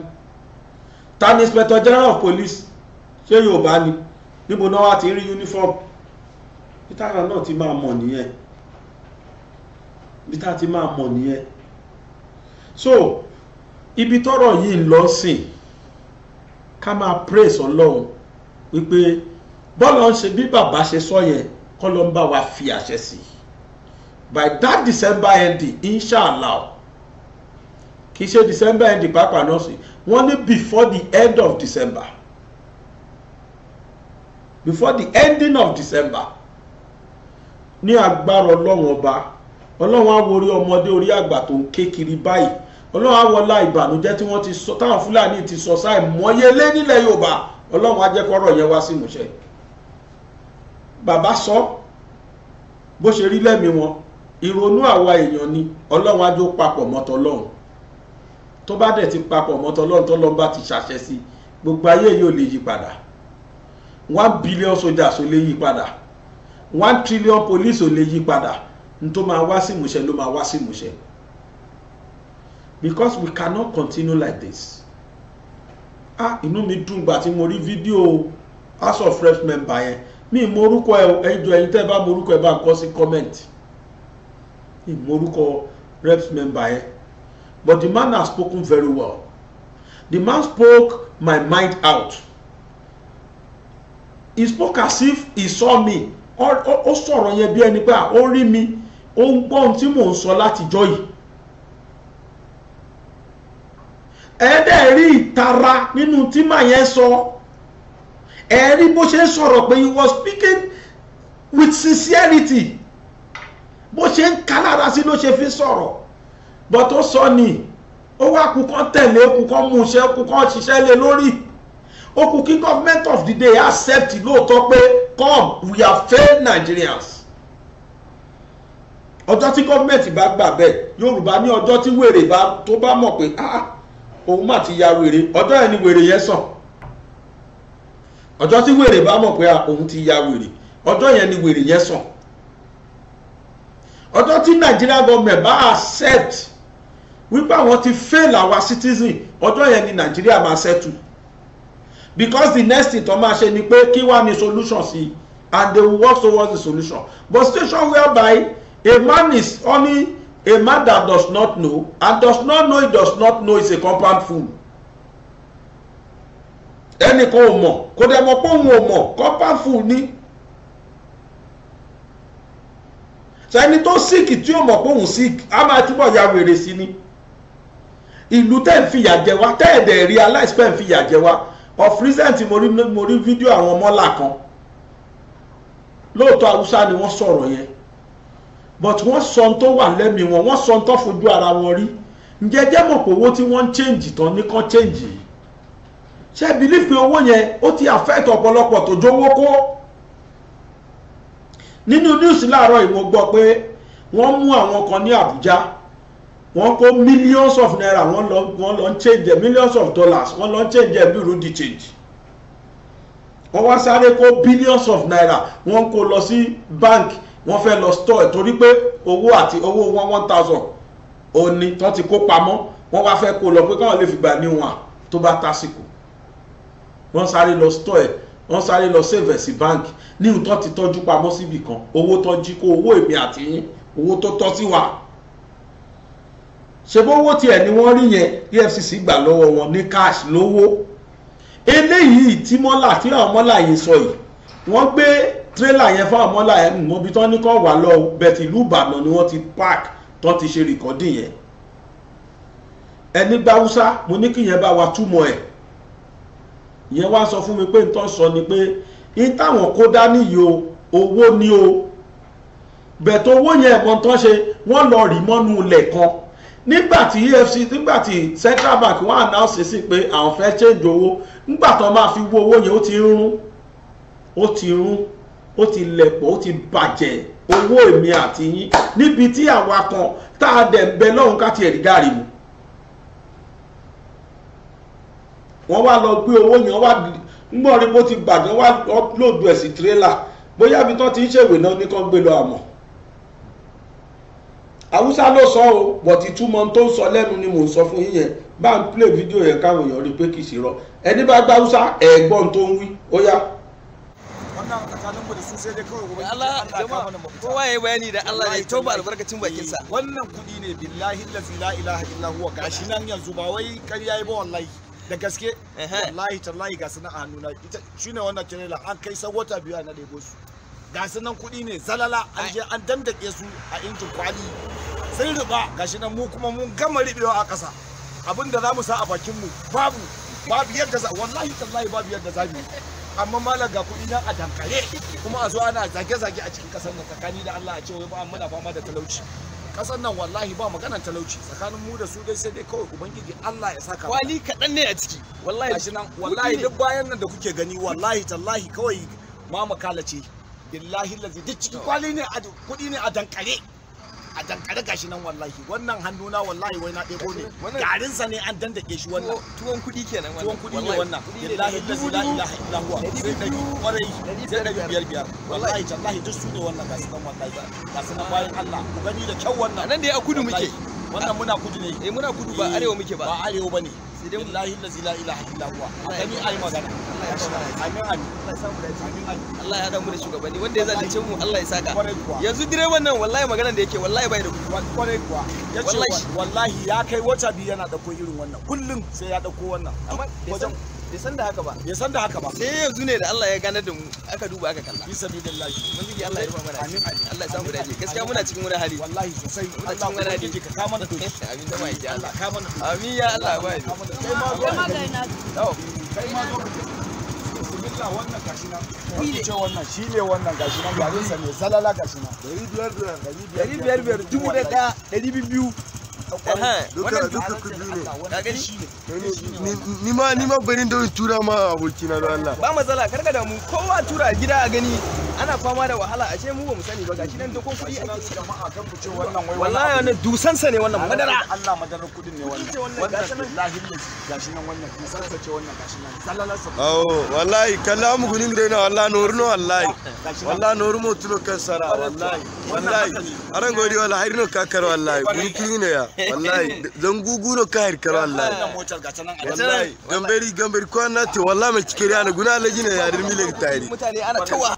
ta ni inspector general of police ṣé yorùbá ni níbo náà wá ti rí uniform bítàrà náà ti máa mọ̀ nìyẹn bítà ti máa mọ̀ nìyẹn so ibi tọ́rọ̀ yìí ń lọ sìn ká máa praise ọlọ́run wípé bọ́ọ̀lù ń ṣe bí bàbá ṣe sọ yẹn kọ́ ló ń bá wa fi àṣẹ sí i by that december ending inshallah kì í ṣe december ending pàápàá náà sí wọ́n ní before the end of december before the ending of december ní agbára ọlọ́run ọba ọlọ́run á wo orí ọmọdé orí àgbà tó ń ké kiri báyìí ọlọ́run á wọlá ìbànújẹ́ tí wọ́n ti sọ táwọn fúlàní ti sọ sáì mọ́yélé nílẹ̀ yorùbá ọlọ́run á jẹ́ kọ́rọ̀ yẹn wá sí ìmúṣẹ bàbá sọ bó ṣe rí lẹ́mìí wọn ìrònú àwa èèyàn ni ọlọ́run ájó papọ̀ mọ́tọ́ lọ́hùn tó bá dẹ̀ ti papọ̀ mọ́tọ́ lọ́hùn tó lọ́n bá ti ṣàṣẹ sí gbogbo ayé yóò lè yí padà one billion soldiers ò lè yí padà one trillion police ò lè yí padà n tó máa wá sí ìmúṣẹ ló máa wá sí ìmúṣẹ because we cannot continue like this ah inú mi dùn gbà tí mo rí fídíò house of reps member yẹn mi ì mọ orúkọ ẹ ẹjọ ẹyin tẹ bá mọ orúkọ ẹ bá kọ sí kọmẹǹtì ìmọ̀rúkọ reps member yẹn but the man has spoken very well the man spoke my mind out he spoke as if he saw me ó sọ̀rọ̀ yẹn bí ẹni pé ó rí mi ó ń gbọ́ ohun tí mò ń sọ látijọ́ yìí ẹ̀ẹ́dẹ̀ rí ìtara nínú tí màá yẹn sọ ẹ̀ẹ́rí bó ṣe sọ̀rọ̀ pé he was speaking with sincerity bó ṣe ń ká lára sí ló ṣe fi sọ̀rọ̀ bọ́ tó sọ ni ó wá kú kán tẹ̀lé kú kán mú iṣẹ́ kú kán ṣiṣẹ́ lé lórí ó kú kí government of the day accept lóòótọ́ pé come we have failed Nigerians ọjọ́ tí government bá gbà bẹ́ẹ̀ Yorùbá ní ọjọ́ tí wèrè bá tó bá mọ̀ pé ah òun mà ti ya wèrè ọjọ́ yẹn ni wèrè yẹn sàn ọjọ́ tí wèrè bá mọ̀ pé ah òun ti ya wèrè ọjọ́ yẹn ni wèrè yẹn sàn ọjọ́ tí Nigeria government bá accept wípé àwọn ti fail our citizen ọjọ́ yẹn ni Nigeria máa settle because the next thing tó máa ṣe ni pé kí wá ní solution sí and they will work towards the solution but situation whereby a man is only a man that does not know and does not know he does not know is a compound fool ẹnì kan ò mọ̀ kò dẹ̀ mọ̀ pé òun ò mọ̀ compound fool ni. so ẹni tó síìkì tí ó mọ̀ pé òun síìkì á máa túbọ̀ ya wèrè sí ni ìlú tẹ́ ń fìyà jẹ wá tẹ́ ẹ̀ dẹ̀ realize pé ń fìyà jẹ wá of recent mo rí mo rí fídíò àwọn mọ́là kan lóòótọ́ haúsá ni wọ́n sọ̀rọ̀ yẹn but wọ́n sọ tó wà lẹ́mìí wọn wọ́n sọ tó fojú ara wọn rí ǹjẹ́ jẹ́ mọ̀ pé owó tí wọ́n ń change tán ní kán change yìí ṣé believe pé owó yẹn ó ti affect ọ̀pọ̀lọpọ̀ tó jówó kó nínú news láàárọ̀ yìí mo gbọ́ pé wọ́n mú àwọn kan ní Àbújá wọ́n kó millions of naira wọ́n lọ wọ́n lọ ń change ẹ̀ millions of dollars wọ́n lọ ń change ẹ̀ bírú di change wọ́n wá sáré kó billions of naira wọ́n kó lọ sí bank wọ́n fẹ́ lọ store torí pé owó àti owó wọn one thousand òní tó ti kó pamọ́ wọ́n wá fẹ́ kó lọ pé káwọn lè fi gbà níwọ̀n tó bá tásìkò wọ́n sáré lọ store ẹ̀ wọ́n sáré lọ save ẹ̀ sí bank ní nǹkan ti tọ́jú pamọ́ síbì kan owó tọ́jú kó owó èmi àti yín owó tó tọ́ sí wa ṣebó owó tiẹ̀ ni wọ́n rí yẹn EFCC gbà lọ́wọ́ wọn ní cash lówó eléyìí tí mọ́là tí àwọn mọ́là yìí sọ yìí wọ́n gbé tírélà yẹn fún àwọn mọ́là yẹn mọ́bi tán ní kọ́ wà lọ bẹ̀tì ìlú Ìbàdàn ni wọ́n ti park tán ti ṣe rìkọ́dì yẹn ẹni gba Hausa mo ní kí yẹn bá wa túmọ̀ ẹ̀ yẹn wá sọ fún mi pé nǹkan sọ ni pé in táwọn kó dání yìí o owó ni o bẹ̀tọ̀ owó yẹn ẹ̀mọ́ tán ṣe wọ́n lọ rí mọ́nú ilẹ̀ kan nígbàtí EFCC nígbàtí Central Bank wọ́n announce sí pé àwọn fẹ́ change owó nígbàtí wọ́n máa fi wo owó yẹn ó ti rún ó ti rún ó ti lẹ̀pọ̀ ó ti bàjẹ́ owó èmi àti yín níbi tí àwa kan tá a dẹ̀ ń bẹ lọ́hùn ká tiẹ̀ rí gàrí mu wọ́n wá lọ gbé owó yẹn wá ngbọ́n rí bó ti gbàgbọ́n wá ọ́pùlòdù ẹ̀ sí tírélà bóyá ibi tán ti ń ṣèwé náà ní kán gbé lọ àmọ́ haúsá ló sọ o bọ̀tì túmọ̀ tó ń sọ lẹ́nu ni mò ń sọ fún yín yẹn bá ń play fídíò yẹn káwọn èèyàn rí pé kì í ṣe rọ ẹni bá gba haúsá ẹ̀gbọ́n tó ń wí ó yá. wannan kuɗi ne billahi la ilaha illa huwa gashi nan yanzu ba wai ƙarya ba wallahi da gaske wallahi tallahi ga sunan a ita shine wannan trailer an kai san wata biyu na dego su ga sunan kuɗi ne zalala an je an dandake su a injin kwali sun riba gashi nan mu kuma mun gama ribewa a kasa abin da za mu sa a bakin mu babu babu yadda za wallahi tallahi babu yadda za mu amma malam ga kuɗi nan a dankare kuma a zo ana zage-zage a cikin ƙasar nan tsakani da Allah a ce wai ba muna fama da talauci kasan nan wallahi ba maganan talauci tsakanin mu da su dai sai dai kawai ubangiji Allah ya saka kwali kaɗan ne a ciki wallahi gashi nan wallahi duk bayan nan da kuke gani wallahi tallahi kawai ma makalace ce billahi lazi duk ciki kwali ne a kuɗi ne a dankare a dankare gashi nan wallahi wannan hannuna wallahi wai na ɗebo ne garin sa ne an dandake shi wannan tuwon kuɗi kenan wannan tuwon kuɗi ne wannan billahi la ilaha illa huwa sai da kwarai sai da biyar biyar wallahi tallahi duk su ne wannan gashi nan wallahi gashi nan bayan Allah ku gani da kyau wannan nan da ya kudu muke wannan muna kudu ne eh muna kudu ba arewa muke ba ba arewa bane billahi la ilaha illa huwa kani ai magana amin amin Allah ya damu da shugabanni wanda ya zalunce mu Allah ya saka yanzu direban nan wallahi magana da yake wallahi bai da kuɗi kwarai kuwa yace wallahi ya kai wata biyu yana dauko irin wannan kullum sai ya dauko wannan wajen bai san da haka ba bai san da haka ba sai yanzu ne da Allah ya ganar da mu aka duba aka kalla bi sabilillahi mun ji Allah ya rufa mana amin amin Allah ya samu dace gaskiya muna cikin wani hali wallahi sosai muna cikin wani hali ka kama da doki [LAUGHS] amin da mai Allah ka mana amin ya Allah ba kai ma kai ma kai na kai ma zo wannan gashi nan wani ce wannan shi ne wannan gashi nan garin sa ne salala gashi nan dari biyar biyar duka ni ma ni ma barin tura ma abokina da Allah ba matsala karka mu kowa tura gida a gani ana fama da wahala ashe mu ba mu sani ba gashi nan kun kuɗi ake ci jama'a kan fice wannan wai wallahi wannan dusan sa ne wannan madara Allah madarar kudin ne wannan wannan wallahi gashi nan wannan dusan sa ce wannan gashi nan sallalar sa oh wallahi kalla gunin dai na wallahi nuru no wallahi wallahi nuru mu tulo kan sara wallahi wallahi aran godi wallahi har no kakar wallahi gunki ne ya wallahi dan gugu no kahir kar wallahi wallahi gambari gambari kwana ta wallahi mai cikiri ana guna lajina ya dirmi le tayri mutane ana tawa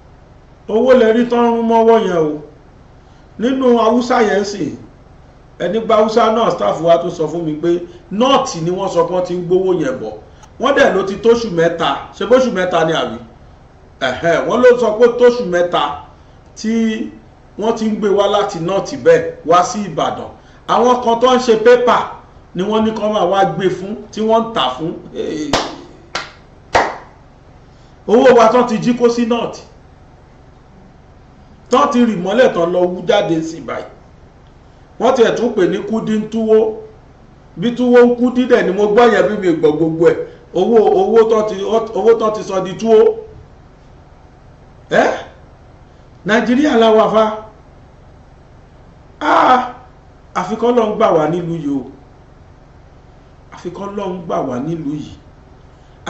owó lẹ́rí tán ń mọ́wọ́ yẹn o nínú haúsá yẹn sì ẹni gba haúsá náà staff wa tó sọ fún mi pé nọ́ọ̀tì ni wọ́n sọ pé wọ́n ti ń gbowó yẹn bọ̀ wọ́n dẹ̀ ló ti tóṣù mẹ́ta ṣe bóṣù mẹ́ta ni àbí wọ́n ló sọ pé tóṣù mẹ́ta tí wọ́n ti ń gbé wá láti nọ́ọ̀tì bẹ́ẹ̀ wá sí ìbàdàn àwọn kan tó ń ṣe pépà ni wọ́n ní kọ́ máa wá gbé fún tí wọ́n ń tà fún owó wa tán ti jí kó sí nọ́ọ̀tì tán ti rì mọ́lẹ̀ tán lọ wú jáde sí báyìí wọ́n tiẹ̀ tún pè ní kúdí túwó bí túwó ń kú dídẹ̀ ni mo gbọ́ yẹn bí mi gbọ́ gbogbo ẹ̀ owó owó tán ti owó tán ti sọ di túwó ẹ́ nàìjíríà la wà fa ah, àfikọ́ lọ́n gbà wá nílùú yìí o àfikọ́ lọ́n gbà wá nílùú yìí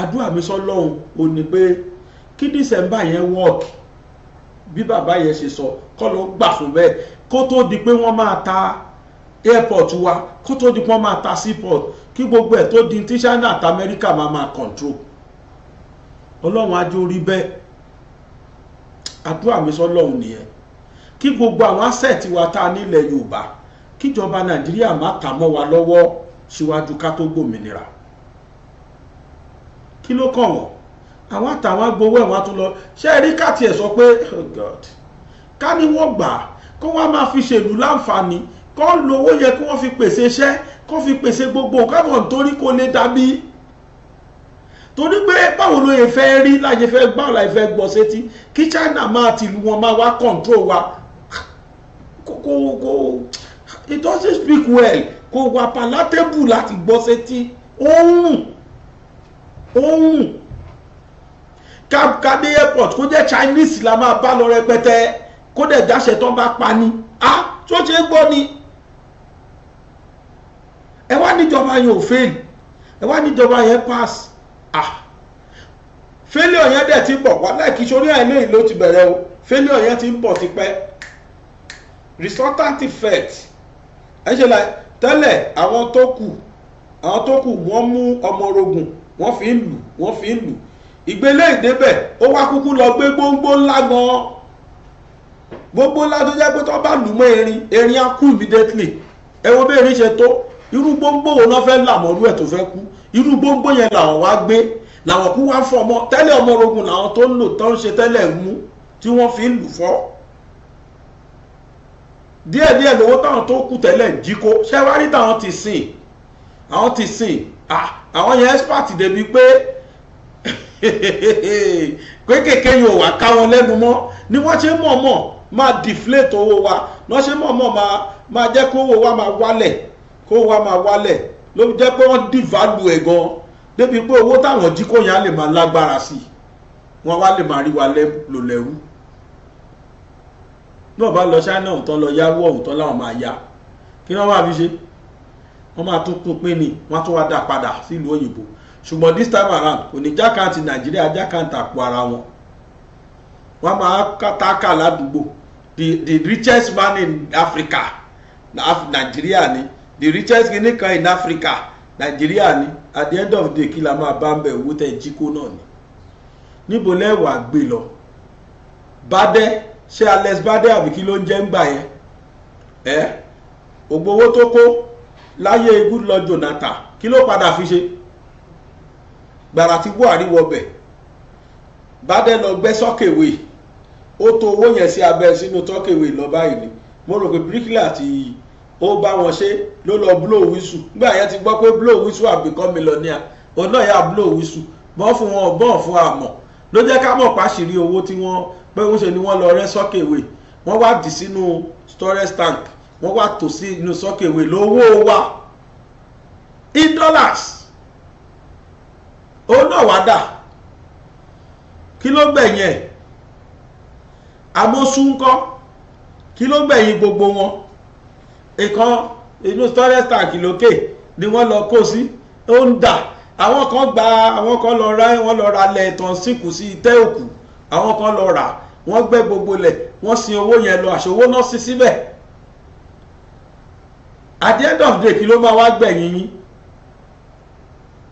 àdúrà mi sọ lọ́hùn ò ní pé kí dísẹ̀mbà yẹn wọ́ọ̀kì bí bàbá yẹn ṣe sọ kọ́ ló gbà fún bẹ́ẹ̀ kó tó di pé wọ́n máa ta airport wa kó tó di pé wọ́n máa ta seaport kí gbogbo ẹ̀ tó di tí China àti Amẹ́ríkà máa máa control ọlọ́run ajó rí bẹ́ẹ̀ àdúrà mi sọ́lọ́run nìyẹn kí gbogbo àwọn asset wa ta nílẹ̀ Yorùbá kíjọba Nàìjíríà má ta mọ́ wa lọ́wọ́ síwájú ká tó gbòmìnira kí ló kàn wọ́n àwọn àtàwọn agbowó ẹ̀wọ̀n á tún lọ ṣé ẹ rí káàtì ẹ̀ sọ pé oh God ká ní wọ́n gbà kó wọ́n máa fi ṣèlú láǹfààní kó lo owó yẹ kí wọ́n fi pèsè iṣẹ́ kó fi pèsè gbogbo káwọn torí kó lè dàbí torí pé báwo ló yẹ fẹ́ rí láyé fẹ́ gbá ọ̀la ìfẹ́ gbọ́ sétí kí China máa tìlú wọn máa wá control wa kò kò kò it doesn't speak well kò wà palatable láti gbọ́ sétí ó ń rùn ó ń rùn ká dé airport kó jẹ́ chinese la máa bá lọ rẹpẹtẹ kó dẹ̀ jáṣẹ tán bá pa ni a tó ṣe é gbọ́ ni ẹ wá níjọba yẹn ò fail ẹ wá níjọba yẹn pass ah failure yẹn dẹ̀ ti ń bọ̀ wá láìkí sórí àìlè ló ti bẹ̀rẹ̀ o failure yẹn ti ń bọ̀ tipẹ́ resultant effect ẹ ṣe la tẹ́lẹ̀ àwọn tó kù àwọn tó kù wọ́n mú ọmọ orogun wọ́n fi ń lù wọ́n fi ń lù ìgbélé ìdébẹ̀ ó wá kúkú lọ gbé gbóngbó ńlá gan gbóngbó ńlá tó jẹ́ pé tó bá lù mọ́ erin erin á kú immediately ẹ wo bí erin ṣe tó irú gbóngbó wo náà fẹ́ là mọ́rú ẹ̀ tó fẹ́ kú irú gbóngbó yẹn làwọn wá gbé làwọn kú wá fọ ọmọ tẹ́lẹ̀ ọmọ orogun làwọn tó ń lò tó ń ṣe tẹ́lẹ̀ mú tí wọ́n fi ń lù fọ́ díẹ̀díẹ̀ lówó táwọn tó kú tẹ́lẹ̀ jí kó ṣẹ́wárí táwọn ti sìn àwọn ti sìn àwọn yẹn expert débi pé [LAUGHS] pé kéèké yóò wá ká wọn lẹ́nu mọ́ ni wọ́n ṣe mọ̀ọ́mọ̀ máa deflate owó wa wọ́n ṣe mọ̀ọ́mọ̀ máa jẹ́ kó owó wa máa wálẹ̀ kó owó wa máa wálẹ̀ ló jẹ́ pé wọ́n devalue ẹ̀ gan débi pé owó táwọn jí kó yẹn á lè máa lágbára sí i wọ́n wá lè máa rí wa lò lẹ́rú náà bá lọ ṣáínà òǹtọ́ lọ yáwó òǹtọ́ láwọn máa yá kí wọ́n máa fi ṣe wọ́n máa tún kún pín wọ́n tún wá dá padà sílùú òyìnbó ṣùgbọ́n this time around kò ní jákàntì nàìjíríà jákàntì àpò ara wọn wọ́n máa kátàkà ládùúgbò the the richest man in Africa nàìjíríà ni the richest kìíní kan in Africa nàìjíríà ni at the end of the day kí la máa bá ń bẹ owó tẹ jíkó náà ni níbo lẹ́wọ̀ àgbè lọ bàdẹ́ ṣé Alex bàdẹ́ àbí kí ló ń jẹ́ ń gbà yẹn ẹ́ ògbówó tó kó láyé Goodluck Jonathan kí ló padà fi ṣe gbàrà tí buhari wọbẹ̀ bàdẹ́ lọ gbẹ́ sọ́kèwé ó to owó yẹn sí abẹ́ sínú tọ́kèwé lọ báyìí ni mo rò pé bíríkìlà ti ó bá wọn ṣe ló lọ blow whistle nígbà yẹn ti gbọ́ pé blow whistle have become millionaire òun náà yà blow whistle bọ́n fún wọn bọ́n fún àmọ̀ ló jẹ́ ká mọ̀ pàṣírí owó tí wọ́n pé ń ṣe ni wọ́n lọ rẹ́ sọ́kèwé wọ́n wá dì sínú storage tank wọ́n wá tò sí inú sọ́kèwé lówó wa in dollars òun náà wá dà kí ló gbẹ̀yìn ẹ̀ amósú ńkọ́ kí ló gbẹ̀yìn gbogbo wọn ìkan inú storage tank lókè ni wọ́n lọ kó sí ó ń dà àwọn kan gba àwọn kan lọ ra wọn lọ ra lẹ̀ tán sínkù sí itẹ́ òkú àwọn kan lọ rà wọ́n gbẹ́ gbogbo lẹ̀ wọ́n sin owó yẹn lọ àṣòwò náà sí síbẹ̀ at the end of the day kí ló máa wá gbẹ̀yìn yín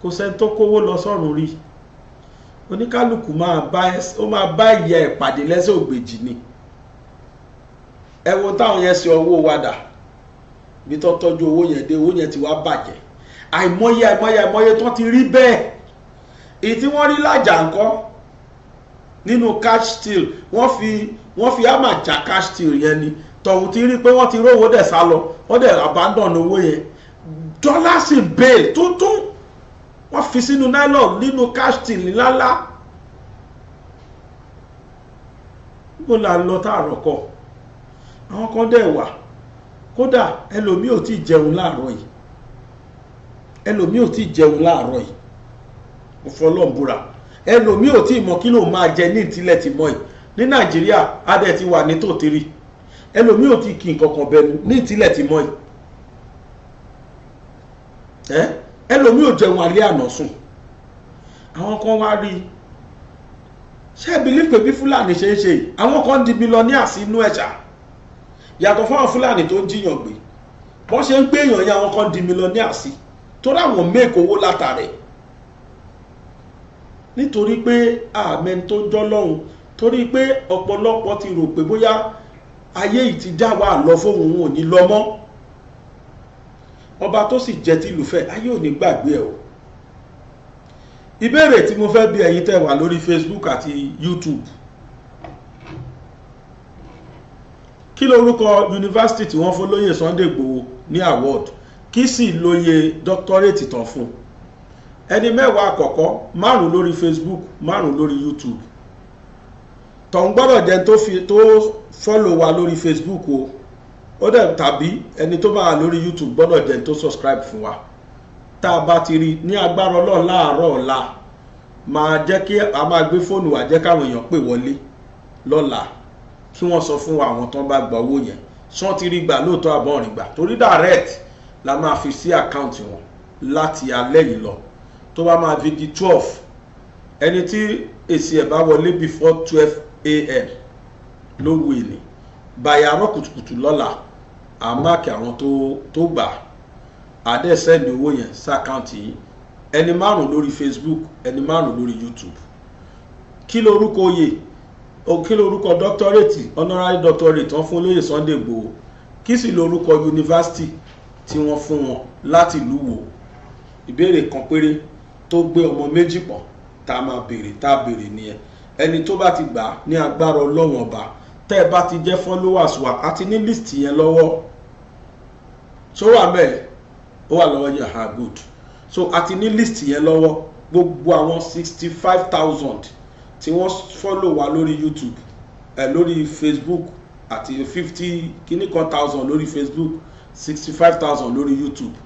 kò sẹ́ni tó kówó lọ sọ́run rí oníkálukú máa bá ìyá ẹ̀ pàdé lẹ́sẹ̀ ògbèjì ni ẹ wo táwọn yẹn ṣe owó wàdà bí tó tọ́jú owó yẹn dé owó yẹn ti wá bàjẹ́ àìmọye àìmọye àìmọye tó ti rí bẹ́ẹ̀ èyí tí wọ́n rí lájà ńkọ́ nínú cash steel wọ́n fi wọ́n fi àmà já cash steel yẹn ni tọ̀hún ti rí pé wọ́n ti rówó dẹ̀ sá lọ wọ́n dẹ̀ abandon owó yẹn dollars in bail tuntun wọ́n fi sínú nylon nínú kásítì ńláńlá gbogbo là ń lọ táàrọ̀ kọ àwọn kan dẹ̀ wà kódà ẹlòmíì ò tí jẹun láàárọ̀ yìí ẹlòmíì ò tí jẹun láàárọ̀ yìí mo fọlọ́n búra ẹlòmíì ò tí mọ kí ló máa jẹ ní ìtìlẹ̀ tí mọ́ yìí ní nàìjíríà adẹ ti wà ní tòtírí ẹlòmíì ò tí kí nǹkan kan bẹnu ní ìtìlẹ̀ tí mọ́ yìí ẹlòmíì ò jẹun alẹ́ àná sùn àwọn kan wá rí i ṣé believe pé bí fúlàní ṣe ń ṣe àwọn kan di billionaires inú ẹ̀ṣà yàtọ̀ fáwọn fúlàní tó ń jiyàn gbé wọ́n ṣe ń gbé èèyàn yẹn àwọn kan di billionaires tó ráwọn make owó látàrẹ̀ nítorí pé àmẹ́ tó ń jọ́ lọ́hùn torí pé ọ̀pọ̀lọpọ̀ ti rò pé bóyá ayé yìí ti dá wa lọ fóun ò ní lọ mọ́ ọba tó sì jẹ́ ti lùfẹ́ ayé ò ní gbàgbé ẹ̀ o ìbéèrè tí mo fẹ́ bi ẹ̀yin tẹ́ wà lórí Facebook àti YouTube kí lorúkọ yunifásitì tí wọ́n fún lóyè Sunday Igboho ní award kí sì lóye dọ́kítọ́rẹ́tì tán fún ẹni mẹ́wàá àkọ́kọ́ márùn lórí Facebook márùn lórí YouTube tọ̀hún gbọ́dọ̀ jẹ́ tó fọ́lọ̀ wa lórí Facebook o. Oh ó dẹ̀ tàbí ẹni tó bá wà lórí YouTube gbọ́dọ̀ jẹ́ tó subscribe fún wa tá a bá ti rí ní agbára ọlọ́run láàárọ̀ ọ̀la máa jẹ́ kí a máa gbé fóònù wa jẹ́ káwọn èèyàn pè wọlé lọ́la kí wọ́n sọ fún wa àwọn tó ń bá gba owó yẹn sọ ti rí gbà lóòótọ́ àbọ̀ gbà torí direct la máa fi sí àkáǹtì wọn láti alẹ́ yìí lọ tó bá máa fi di twelve ẹni tí èsì ẹ̀ bá wọlé before twelve a.m. ló wù ní bàyà àárọ̀ kùtùkùtù lọ́la a máàkì àwọn tó tó gbà àdẹ́sẹ̀ndì owó yẹn sàkáǹtì yìí ẹni márùn lórí facebook ẹni márùn lórí youtube kí lorúkọ oyè kí lorúkọ doctorate honorary doctorate wọ́n fún olóyè sunday gbòó kí sì lorúkọ yunifásitì tí wọ́n fún wọn láti ìlú wo ìbéèrè kan péré tó gbé ọmọ méjì pọ̀ tá a máa béèrè tá a béèrè nìyẹn ẹni tó bá ti gbà ní agbára ọlọ́wọ̀n ọba tẹ́ ẹ bá ti jẹ́ followers wa àti ní list yẹn lọ́wọ́ so wà bẹ́ẹ̀ ó wà lọ́wọ́ yẹn ha good so a ti ní list yẹn lọ́wọ́ gbogbo àwọn sixty five thousand tí wọ́n follow wa lórí youtube ẹ̀ eh, lórí facebook àti fifty kìíní kan thousand lórí facebook sixty five thousand lórí youtube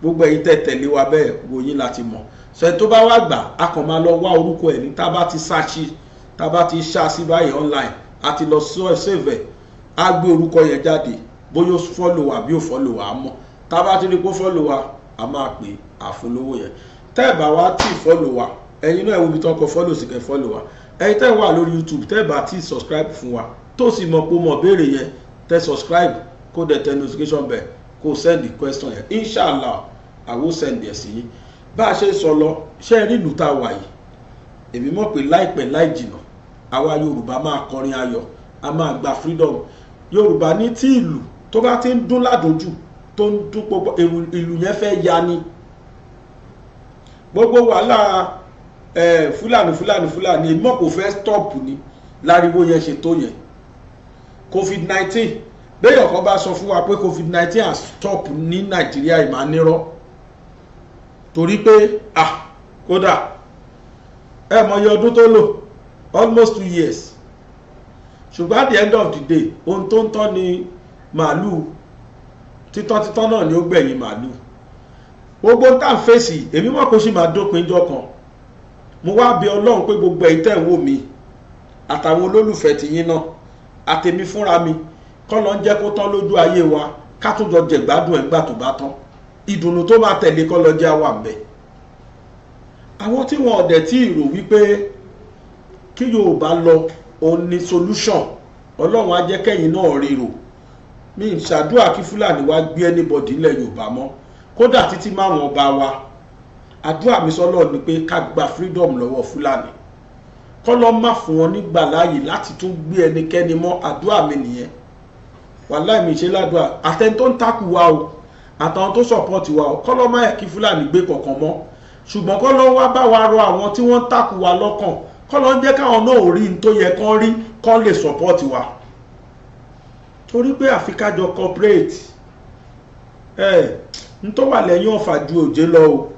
gbogbo ẹ̀yin tẹ̀ tẹ̀lé wa bẹ́ẹ̀ gbòyìn láti mọ̀ so tó bá wá gbà a kàn máa lọ wá orúkọ ẹ̀ ní tá a bá ti ṣáàṣì tá a bá ti ṣáàṣì báyìí online a ti lọ sọ ẹ̀ sèvẹ̀ á gbé orúkọ yẹn jáde bóyá ó fọ́lò wa bí ó fọ́lò wa mọ̀ tá a bá ti rí pé ó fọ́lò wa a máa pè àfúnlówó yẹn tẹ́ ẹ̀ bá wá tí ì fọ́lò wa ẹ̀yin náà wo ibi tó kọ fọ́lò sí kẹ́ fọ́lò wa ẹ̀yin tẹ́ ẹ̀ wà lórí YouTube tẹ́ ẹ̀ bá tí ì subscribe fún wa tó sì mọ̀ pé mọ̀ béèrè yẹn tẹ́ subscribe kó dẹ̀ tẹ notification bell kó send the question yẹn inshallah I will send ẹ̀ sí yín bá a ṣe sọ lọ ṣé ẹ rí ìlú tá a wà yìí èmi mọ̀ pé láìpẹ́ láì jìnà àwa Yorùbá máa kọrin ayọ̀ a máa gba freedom Yorùbá ní tí ìlú tó bá ti ń dún ládójú tó ń dún gbogbo ìlú yẹn fẹ́ ya ni gbogbo wàhálà fúlàní fúlàní fúlàní èmi mọ̀ kò fẹ́ stop ni láriwo yẹn ṣe tó yẹn covid-19 béèyàn kan bá sọ fún wa pé covid-19 has stop ní nàìjíríà ìmánirọ́ torí pé ah kódà ẹ mọyì ọdún tó lò almost two years ṣùgbọ́n at the end of the day ohun tó ń tọ́ ni màálù títọ́ títọ́ náà ni ó gbẹ̀yìn màálù gbogbo tá à ń fèsì èmi mọ̀ kó sì máa dópin jọ kan mo wá bí ọlọ́run pé gbogbo ẹ̀yin tẹ̀ ń wò mí àtàwọn olólùfẹ́ tìyín náà àtèmi fúnra mi kọ́ ló ń jẹ́ kó tán lójú ayé wa ká tún jọ jẹ̀gbádùn ẹ̀gbà tó bá tán ìdùnnú tó máa tẹ̀lé kọ́ lọ jẹ́ àwa mbẹ́ àwọn tí wọn ọ̀dẹ̀ tí ì rò wípé kí Yorùbá lọ òun ni solution ọlọ́run á jẹ́ kẹ́yìn náà rí rò mi ń ṣàdúrà kí fúlàní wá gbé anybody ilẹ̀ yorùbá mọ́ kódà títí máwọn ọba wa àdúrà mi sọ́lọ́ ni pé ká gba freedom lọ́wọ́ fúlàní kọ́lọ́ má fún wọn nígbà láàyè láti tún gbé ẹnikẹ́ni mọ́ àdúrà mi nìyẹn wàláì mi ṣe ládùúrà àtẹni tó ń takù wa o àtàwọn tó sọ̀pọ̀tì wa o kọ́lọ́ má yẹ kí fúlàní gbé kọ̀ọ̀kan mọ́ ṣùgbọ́n kọ́lọ́ wá bá wa rọ àwọn tí wọ́n ń takù wa lọ́kàn kọ́lọ́ ń jẹ́ káwọn náà ò rí ní tó yẹ kán rí kán lè sọ̀pọ̀tì wa torí pé àfi kájọ corporate ẹ n tó wà lẹ́yìn ọ̀fà ju òjé lọ o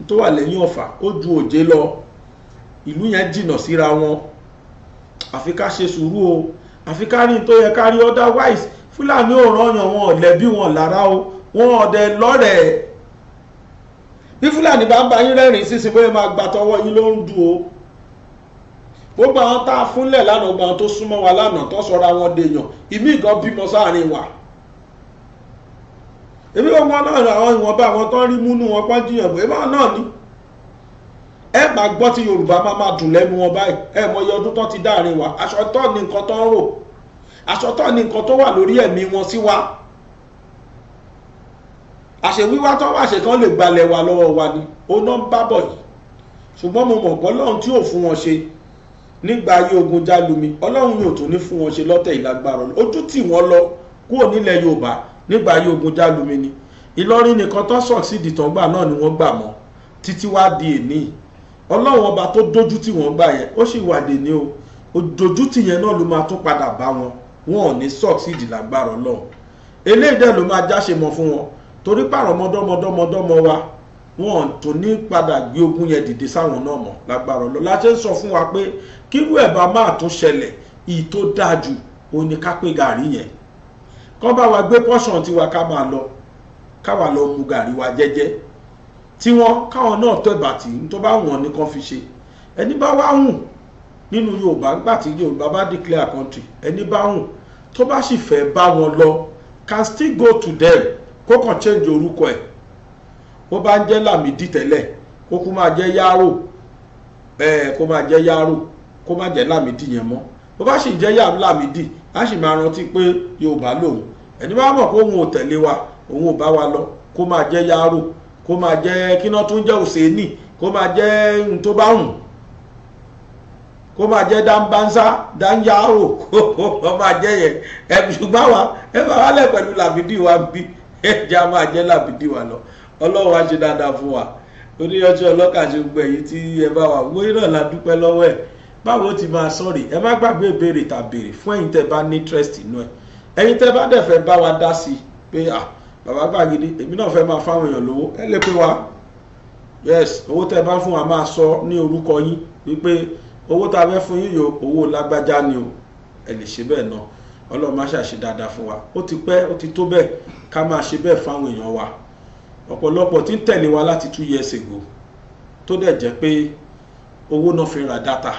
n tó wà lẹ́yìn ọ̀fà ó ju òjé lọ ìlú yẹn jìnnà síra wọn àfi ṣe sùúrù o àfi ká rí tó yẹ ká rí otherwise fúlàní ò rányàn wọn ọ̀lẹ́bí wọn lára o wọn ọ̀dẹ lọ́rẹ̀ẹ́ bí fúlàní bá ń bá yín rẹ́rìn sísìn bóyá máa gbàtọ́wọ́ yín ló ń dùn o gbogbo àwọn tá a fúnlẹ̀ lánàá gbogbo àwọn tó súnmọ́ wa lánàá tó sọra wọn dèèyàn ìmí gan bímọ sáàrin wa èmi gbogbo wọn náà àwọn ìwọ̀nba àwọn tó ń rí múnú wọn pọ́n jiyàn bó ìbá náà ni ẹ má gbọ́ tí yorùbá má má dùn lẹ́nu wọn báyìí ẹ mọyì ọdún tó ti dáàrin wa aṣọ tó ní nǹkan tó ń rò aṣọ tó ní nǹkan tó wà lórí ẹ̀mí wọn sí wa àṣewíwá tó wà ṣe kán lè gbalẹ̀ wa lọ́wọ́ wa ni ó náà ń bá bọ̀ yìí ṣùgbọ́n mo mọ̀ gbọ́ lọ́run tí ò fún wọn ṣe nígbà ayé ogun jálumi ọlọ́run yóò tún ní fún wọn ṣe lọ́tẹ̀ ìlágbára ojú tì wọ́n lọ kúrò nílẹ̀ yorùbá nígbà ayé ogun jálumi ni ìlọrin nìkan tó sọ̀sídìí tán gbà náà ni wọ́n gbà mọ́ títí wá di èní ọlọ́run ọba tó dojú tì wọ́n gbà yẹn ó sì wà dèní o òjòjú tì yẹn náà ló máa tún padà bá wọn wọn ò ní sọ̀sídìí lágbára ọlọ́run eléyìí dẹ̀ ló máa jáṣe mọ́ fún wọn torí pàrọ̀ mọ́dọ́mọdọ́mọdọ́mọ wa wọn tún ní padà gbé ogun yẹn dìde sáwọn náà mọ́ lágbára ọlọ́ la ṣe ń sọ fún wa pé kírú ẹ̀ bá máa tún ṣẹlẹ̀ ìyí tó dáa jù òun ni ká pé gàrí yẹn kọ́ bá wa gbé pọ́ṣọ̀n tiwa ká máa lọ káwa lọ mu gàrí wa jẹ́jẹ́ tí wọ́n káwọn náà tọ́ ìbàtì tó bá wọ̀n ní kan fi ṣe ẹni bá wá hùn nínú yorùbá nígbà tí yorùbá bá declare country ẹni bá hùn tó bá sì fẹ́ bá wọn lọ can still go to them kó kàn change orúkọ ẹ̀ bó bá ń jẹ́ Lámìdí tẹ́lẹ̀ kó kó máa jẹ́ Yaro ẹ̀ẹ́ kó máa jẹ́ Yaro kó má jẹ́ Lámìdí yẹn mọ́ bó bá sì jẹ́ yàrá Lámìdí á sì máa rántí pé Yorùbá lòun ẹni bá mọ̀ pé òun ò tẹ̀lé wa òun ò bá wa lọ kó máa jẹ́ Yaro kó máa jẹ́ kíná tó ń jẹ́ Hùsẹ́nì kó máa jẹ́ ohun tó bá hùn kó máa jẹ́ dáńbánsá dáńyàrò [LAUGHS] kó máa jẹ́ yẹn ẹ̀ṣùgbọ́n wa ẹ bá wálẹ̀ pẹ̀lú Lámìdí wa bí ẹ jẹ́ a máa jẹ́ Lámìdí wa lọ ọlọ́run á ṣe dáadáa fún wa oníyanjú ọlọ́kà ṣe gbogbo èyí tí ẹ bá wà wọ́n náà la dúpẹ́ lọ́wọ́ ẹ̀ báwo ti máa sọ̀rì ẹ má gbàgbé ìbéèrè tà béèrè fún ẹ̀yin tẹ́ bá ní interest inú ẹ̀ ẹ̀yin tẹ́ bá dẹ̀ fẹ́ bá wa dá sí i pé à bàbá gbàgede èmi náà fẹ́ máa fáwọn èèyàn lówó ẹ lè pé wa yes owó tẹ́ bá fún wa máa sọ ní orúkọ yín wípé owó tá a fẹ́ fún yín yóò owó lágbájá ni o ẹ lè ṣe bẹ́ẹ̀ náà ọlọ́run má ṣàṣe dáadáa fún wa ó ti pẹ́ ó ti tó bẹ́ẹ̀ ká máa ṣe bẹ́ẹ̀ fáwọn èèyàn wa ọ̀pọ̀lọpọ̀ tí ń tẹ̀lé wa láti two years ago tó dẹ̀ jẹ́ pé owó náà fi ra data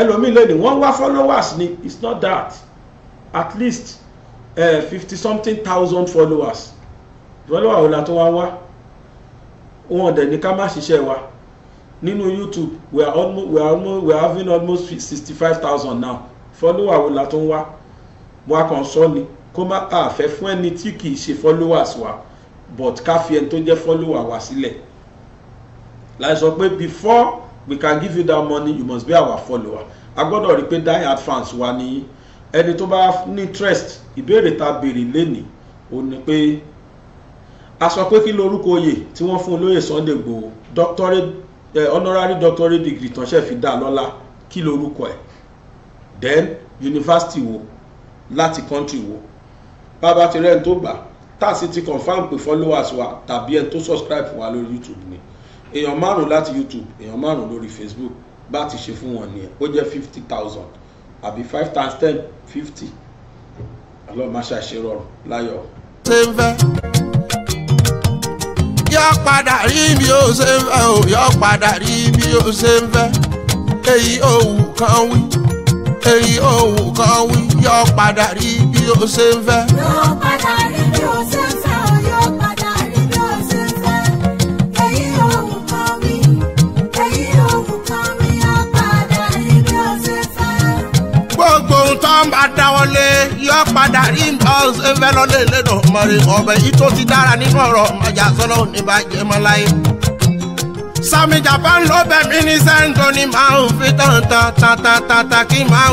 ẹlòmíì lè ní wọ́n wá followers ni it's not that at least eh, fifty uh, something thousand followers followers ọ̀la tó wá wá wọn dẹ̀ ní ká má ṣiṣẹ́ wa nínú YouTube we are almost we are almost we are having almost sixty five thousand now followers ọ̀la tó ń wá wọn kàn sọ ni kó má àfẹ́ fún ẹni tí kì í ṣe followers wa. Wow but ká fi ẹni tó jẹ́ follower wá sílẹ̀ láì sọ pé before we can give you that money you must be our follower a gbọ́dọ̀ rí pé die hard fans wa ní ẹni tó bá ní interest ìbéèrè ta béèrè lénìí ó ní pé a sọ pé kí lorúkọ oyè tí wọ́n fún olóyè Sunday Igboho doctorate eh, honorary doctorate degree tó ṣe fi dá lọ́lá kí lorúkọ ẹ̀ then university wo láti country wo bàbá tirẹ̀ ń tó gbà tá a sì ti confam pé followers wa tàbí ẹni tó subscribe fún wa lórí youtube ni èèyàn márùn láti youtube èèyàn márùn lórí facebook bá ti ṣe fún wọn nìyẹn ó jẹ́ fifty thousand àbí five times ten fifty ọlọ́run máa ṣàṣe rọrùn láyọ̀. ṣé ń fẹ́ yọ padà rí mi ò ṣe ń fẹ́ o yọ padà rí mi ò ṣe ń fẹ́ èyí òwú kan wí èyí òwò kan wí yọ padà rí bí ó ṣe ń fẹ́. yọ padà rí bí ó ṣe ń fẹ́ o yọ padà rí bí ó ṣe ń fẹ́. èyí òwò kan wí èyí òwò kan wí yọ padà rí bí ó ṣe ń fẹ́. gbogbo nǹkan bá dáwọ́lé yọ padà rí bí ó ṣe ń fẹ́ lọ́lẹ́ lẹ́nu ọmọ rẹ̀ ọbẹ̀ yìí tó ti dára nínú ọ̀rọ̀ ọjà sọ́nà ò ní bàjẹ́ mọ́ láyé. sami japan ló bẹ mí ní sẹ́ńtò ni màá ò fi tọ̀ntàn tàtàtàtà kí màá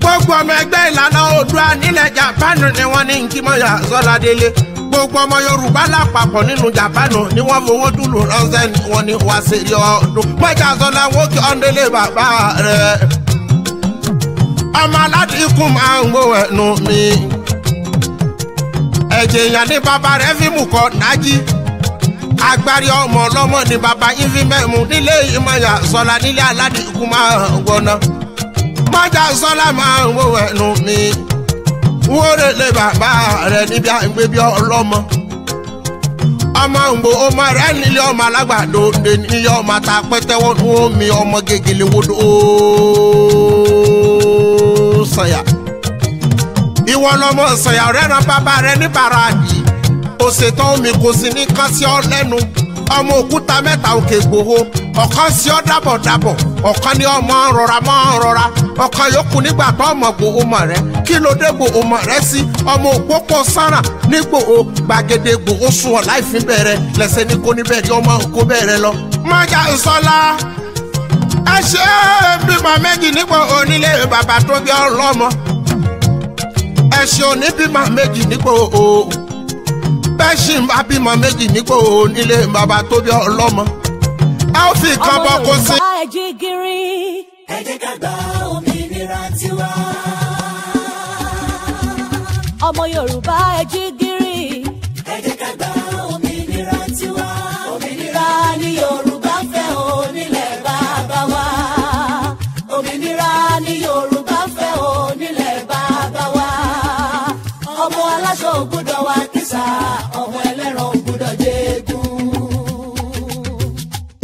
gbogbo ọmọ ẹgbẹ́ ìlànà oòdùà nílẹ̀ japan ni wọ́n ní nkímọ̀yà sọ́ládélé gbogbo ọmọ yorùbá lápapọ̀ nínú japan ni wọ́n fowó dùlù ránṣẹ́ ni wọ́n ní wá sí ilé ọdún mọ́jà sọ́lá wọ́n kí ọ́ndẹ́lẹ̀ bàbá rẹ̀. ọmọ máa ń ẹnu mi ẹ̀jẹ̀ bàbá rẹ̀ nájí agbárí ọmọ ọlọ́mọ ni baba yín fi mẹ́mu nílé ìmọ̀yà sọlá nílé aládìkú máa ń gbóná mọ́jà sọlá máa ń wo ẹnu mi wọ́n rẹ̀ lé bàbá rẹ̀ níbi àgbébí ọmọ mgbe ọmọ rẹ nílé ọmọ alágbàdo ndé nílé ọmọ ta wọn ní omi ọmọ gègèlè wodò sọyà ìwọ lọmọ sọyà náà bàbá rẹ ní bàrà tó ṣetán omi kò sí ní kán sí ọ lẹ́nu ọmọ òkúta mẹ́ta òkè gbòho ọ̀kan sí ọ dábọ̀dábọ̀ ọ̀kan ni ọmọ rọra mọ́ rọra ọ̀kan yòókù nígbà tó ọmọ gbòho rẹ kí ló dé gbòho rẹ sí ọmọ òpópó sára ní gbòho gbàgede gbòho sùn ọ̀ bẹ̀rẹ̀ lẹ́sẹ̀ ní kò ní bẹ̀rẹ̀ kí ọmọ òkú bẹ̀rẹ̀ lọ. májà ìsọlá ẹ ṣe bímọ méjì nípò onílé bàbá tó bí ọlọ́mọ ẹ ṣe òní bímọ méjì nípò òògùn bẹ́ẹ̀ ṣì ń bá bímọ méjì nípò onílé bàbá tó bí ọlọ́mọ a ó fi kan bọ́ kó sí. ọmọ Yorùbá jí gírí. ẹ jẹ́ ká gba òmìnira tiwa. ọmọ Yorùbá jí gírí.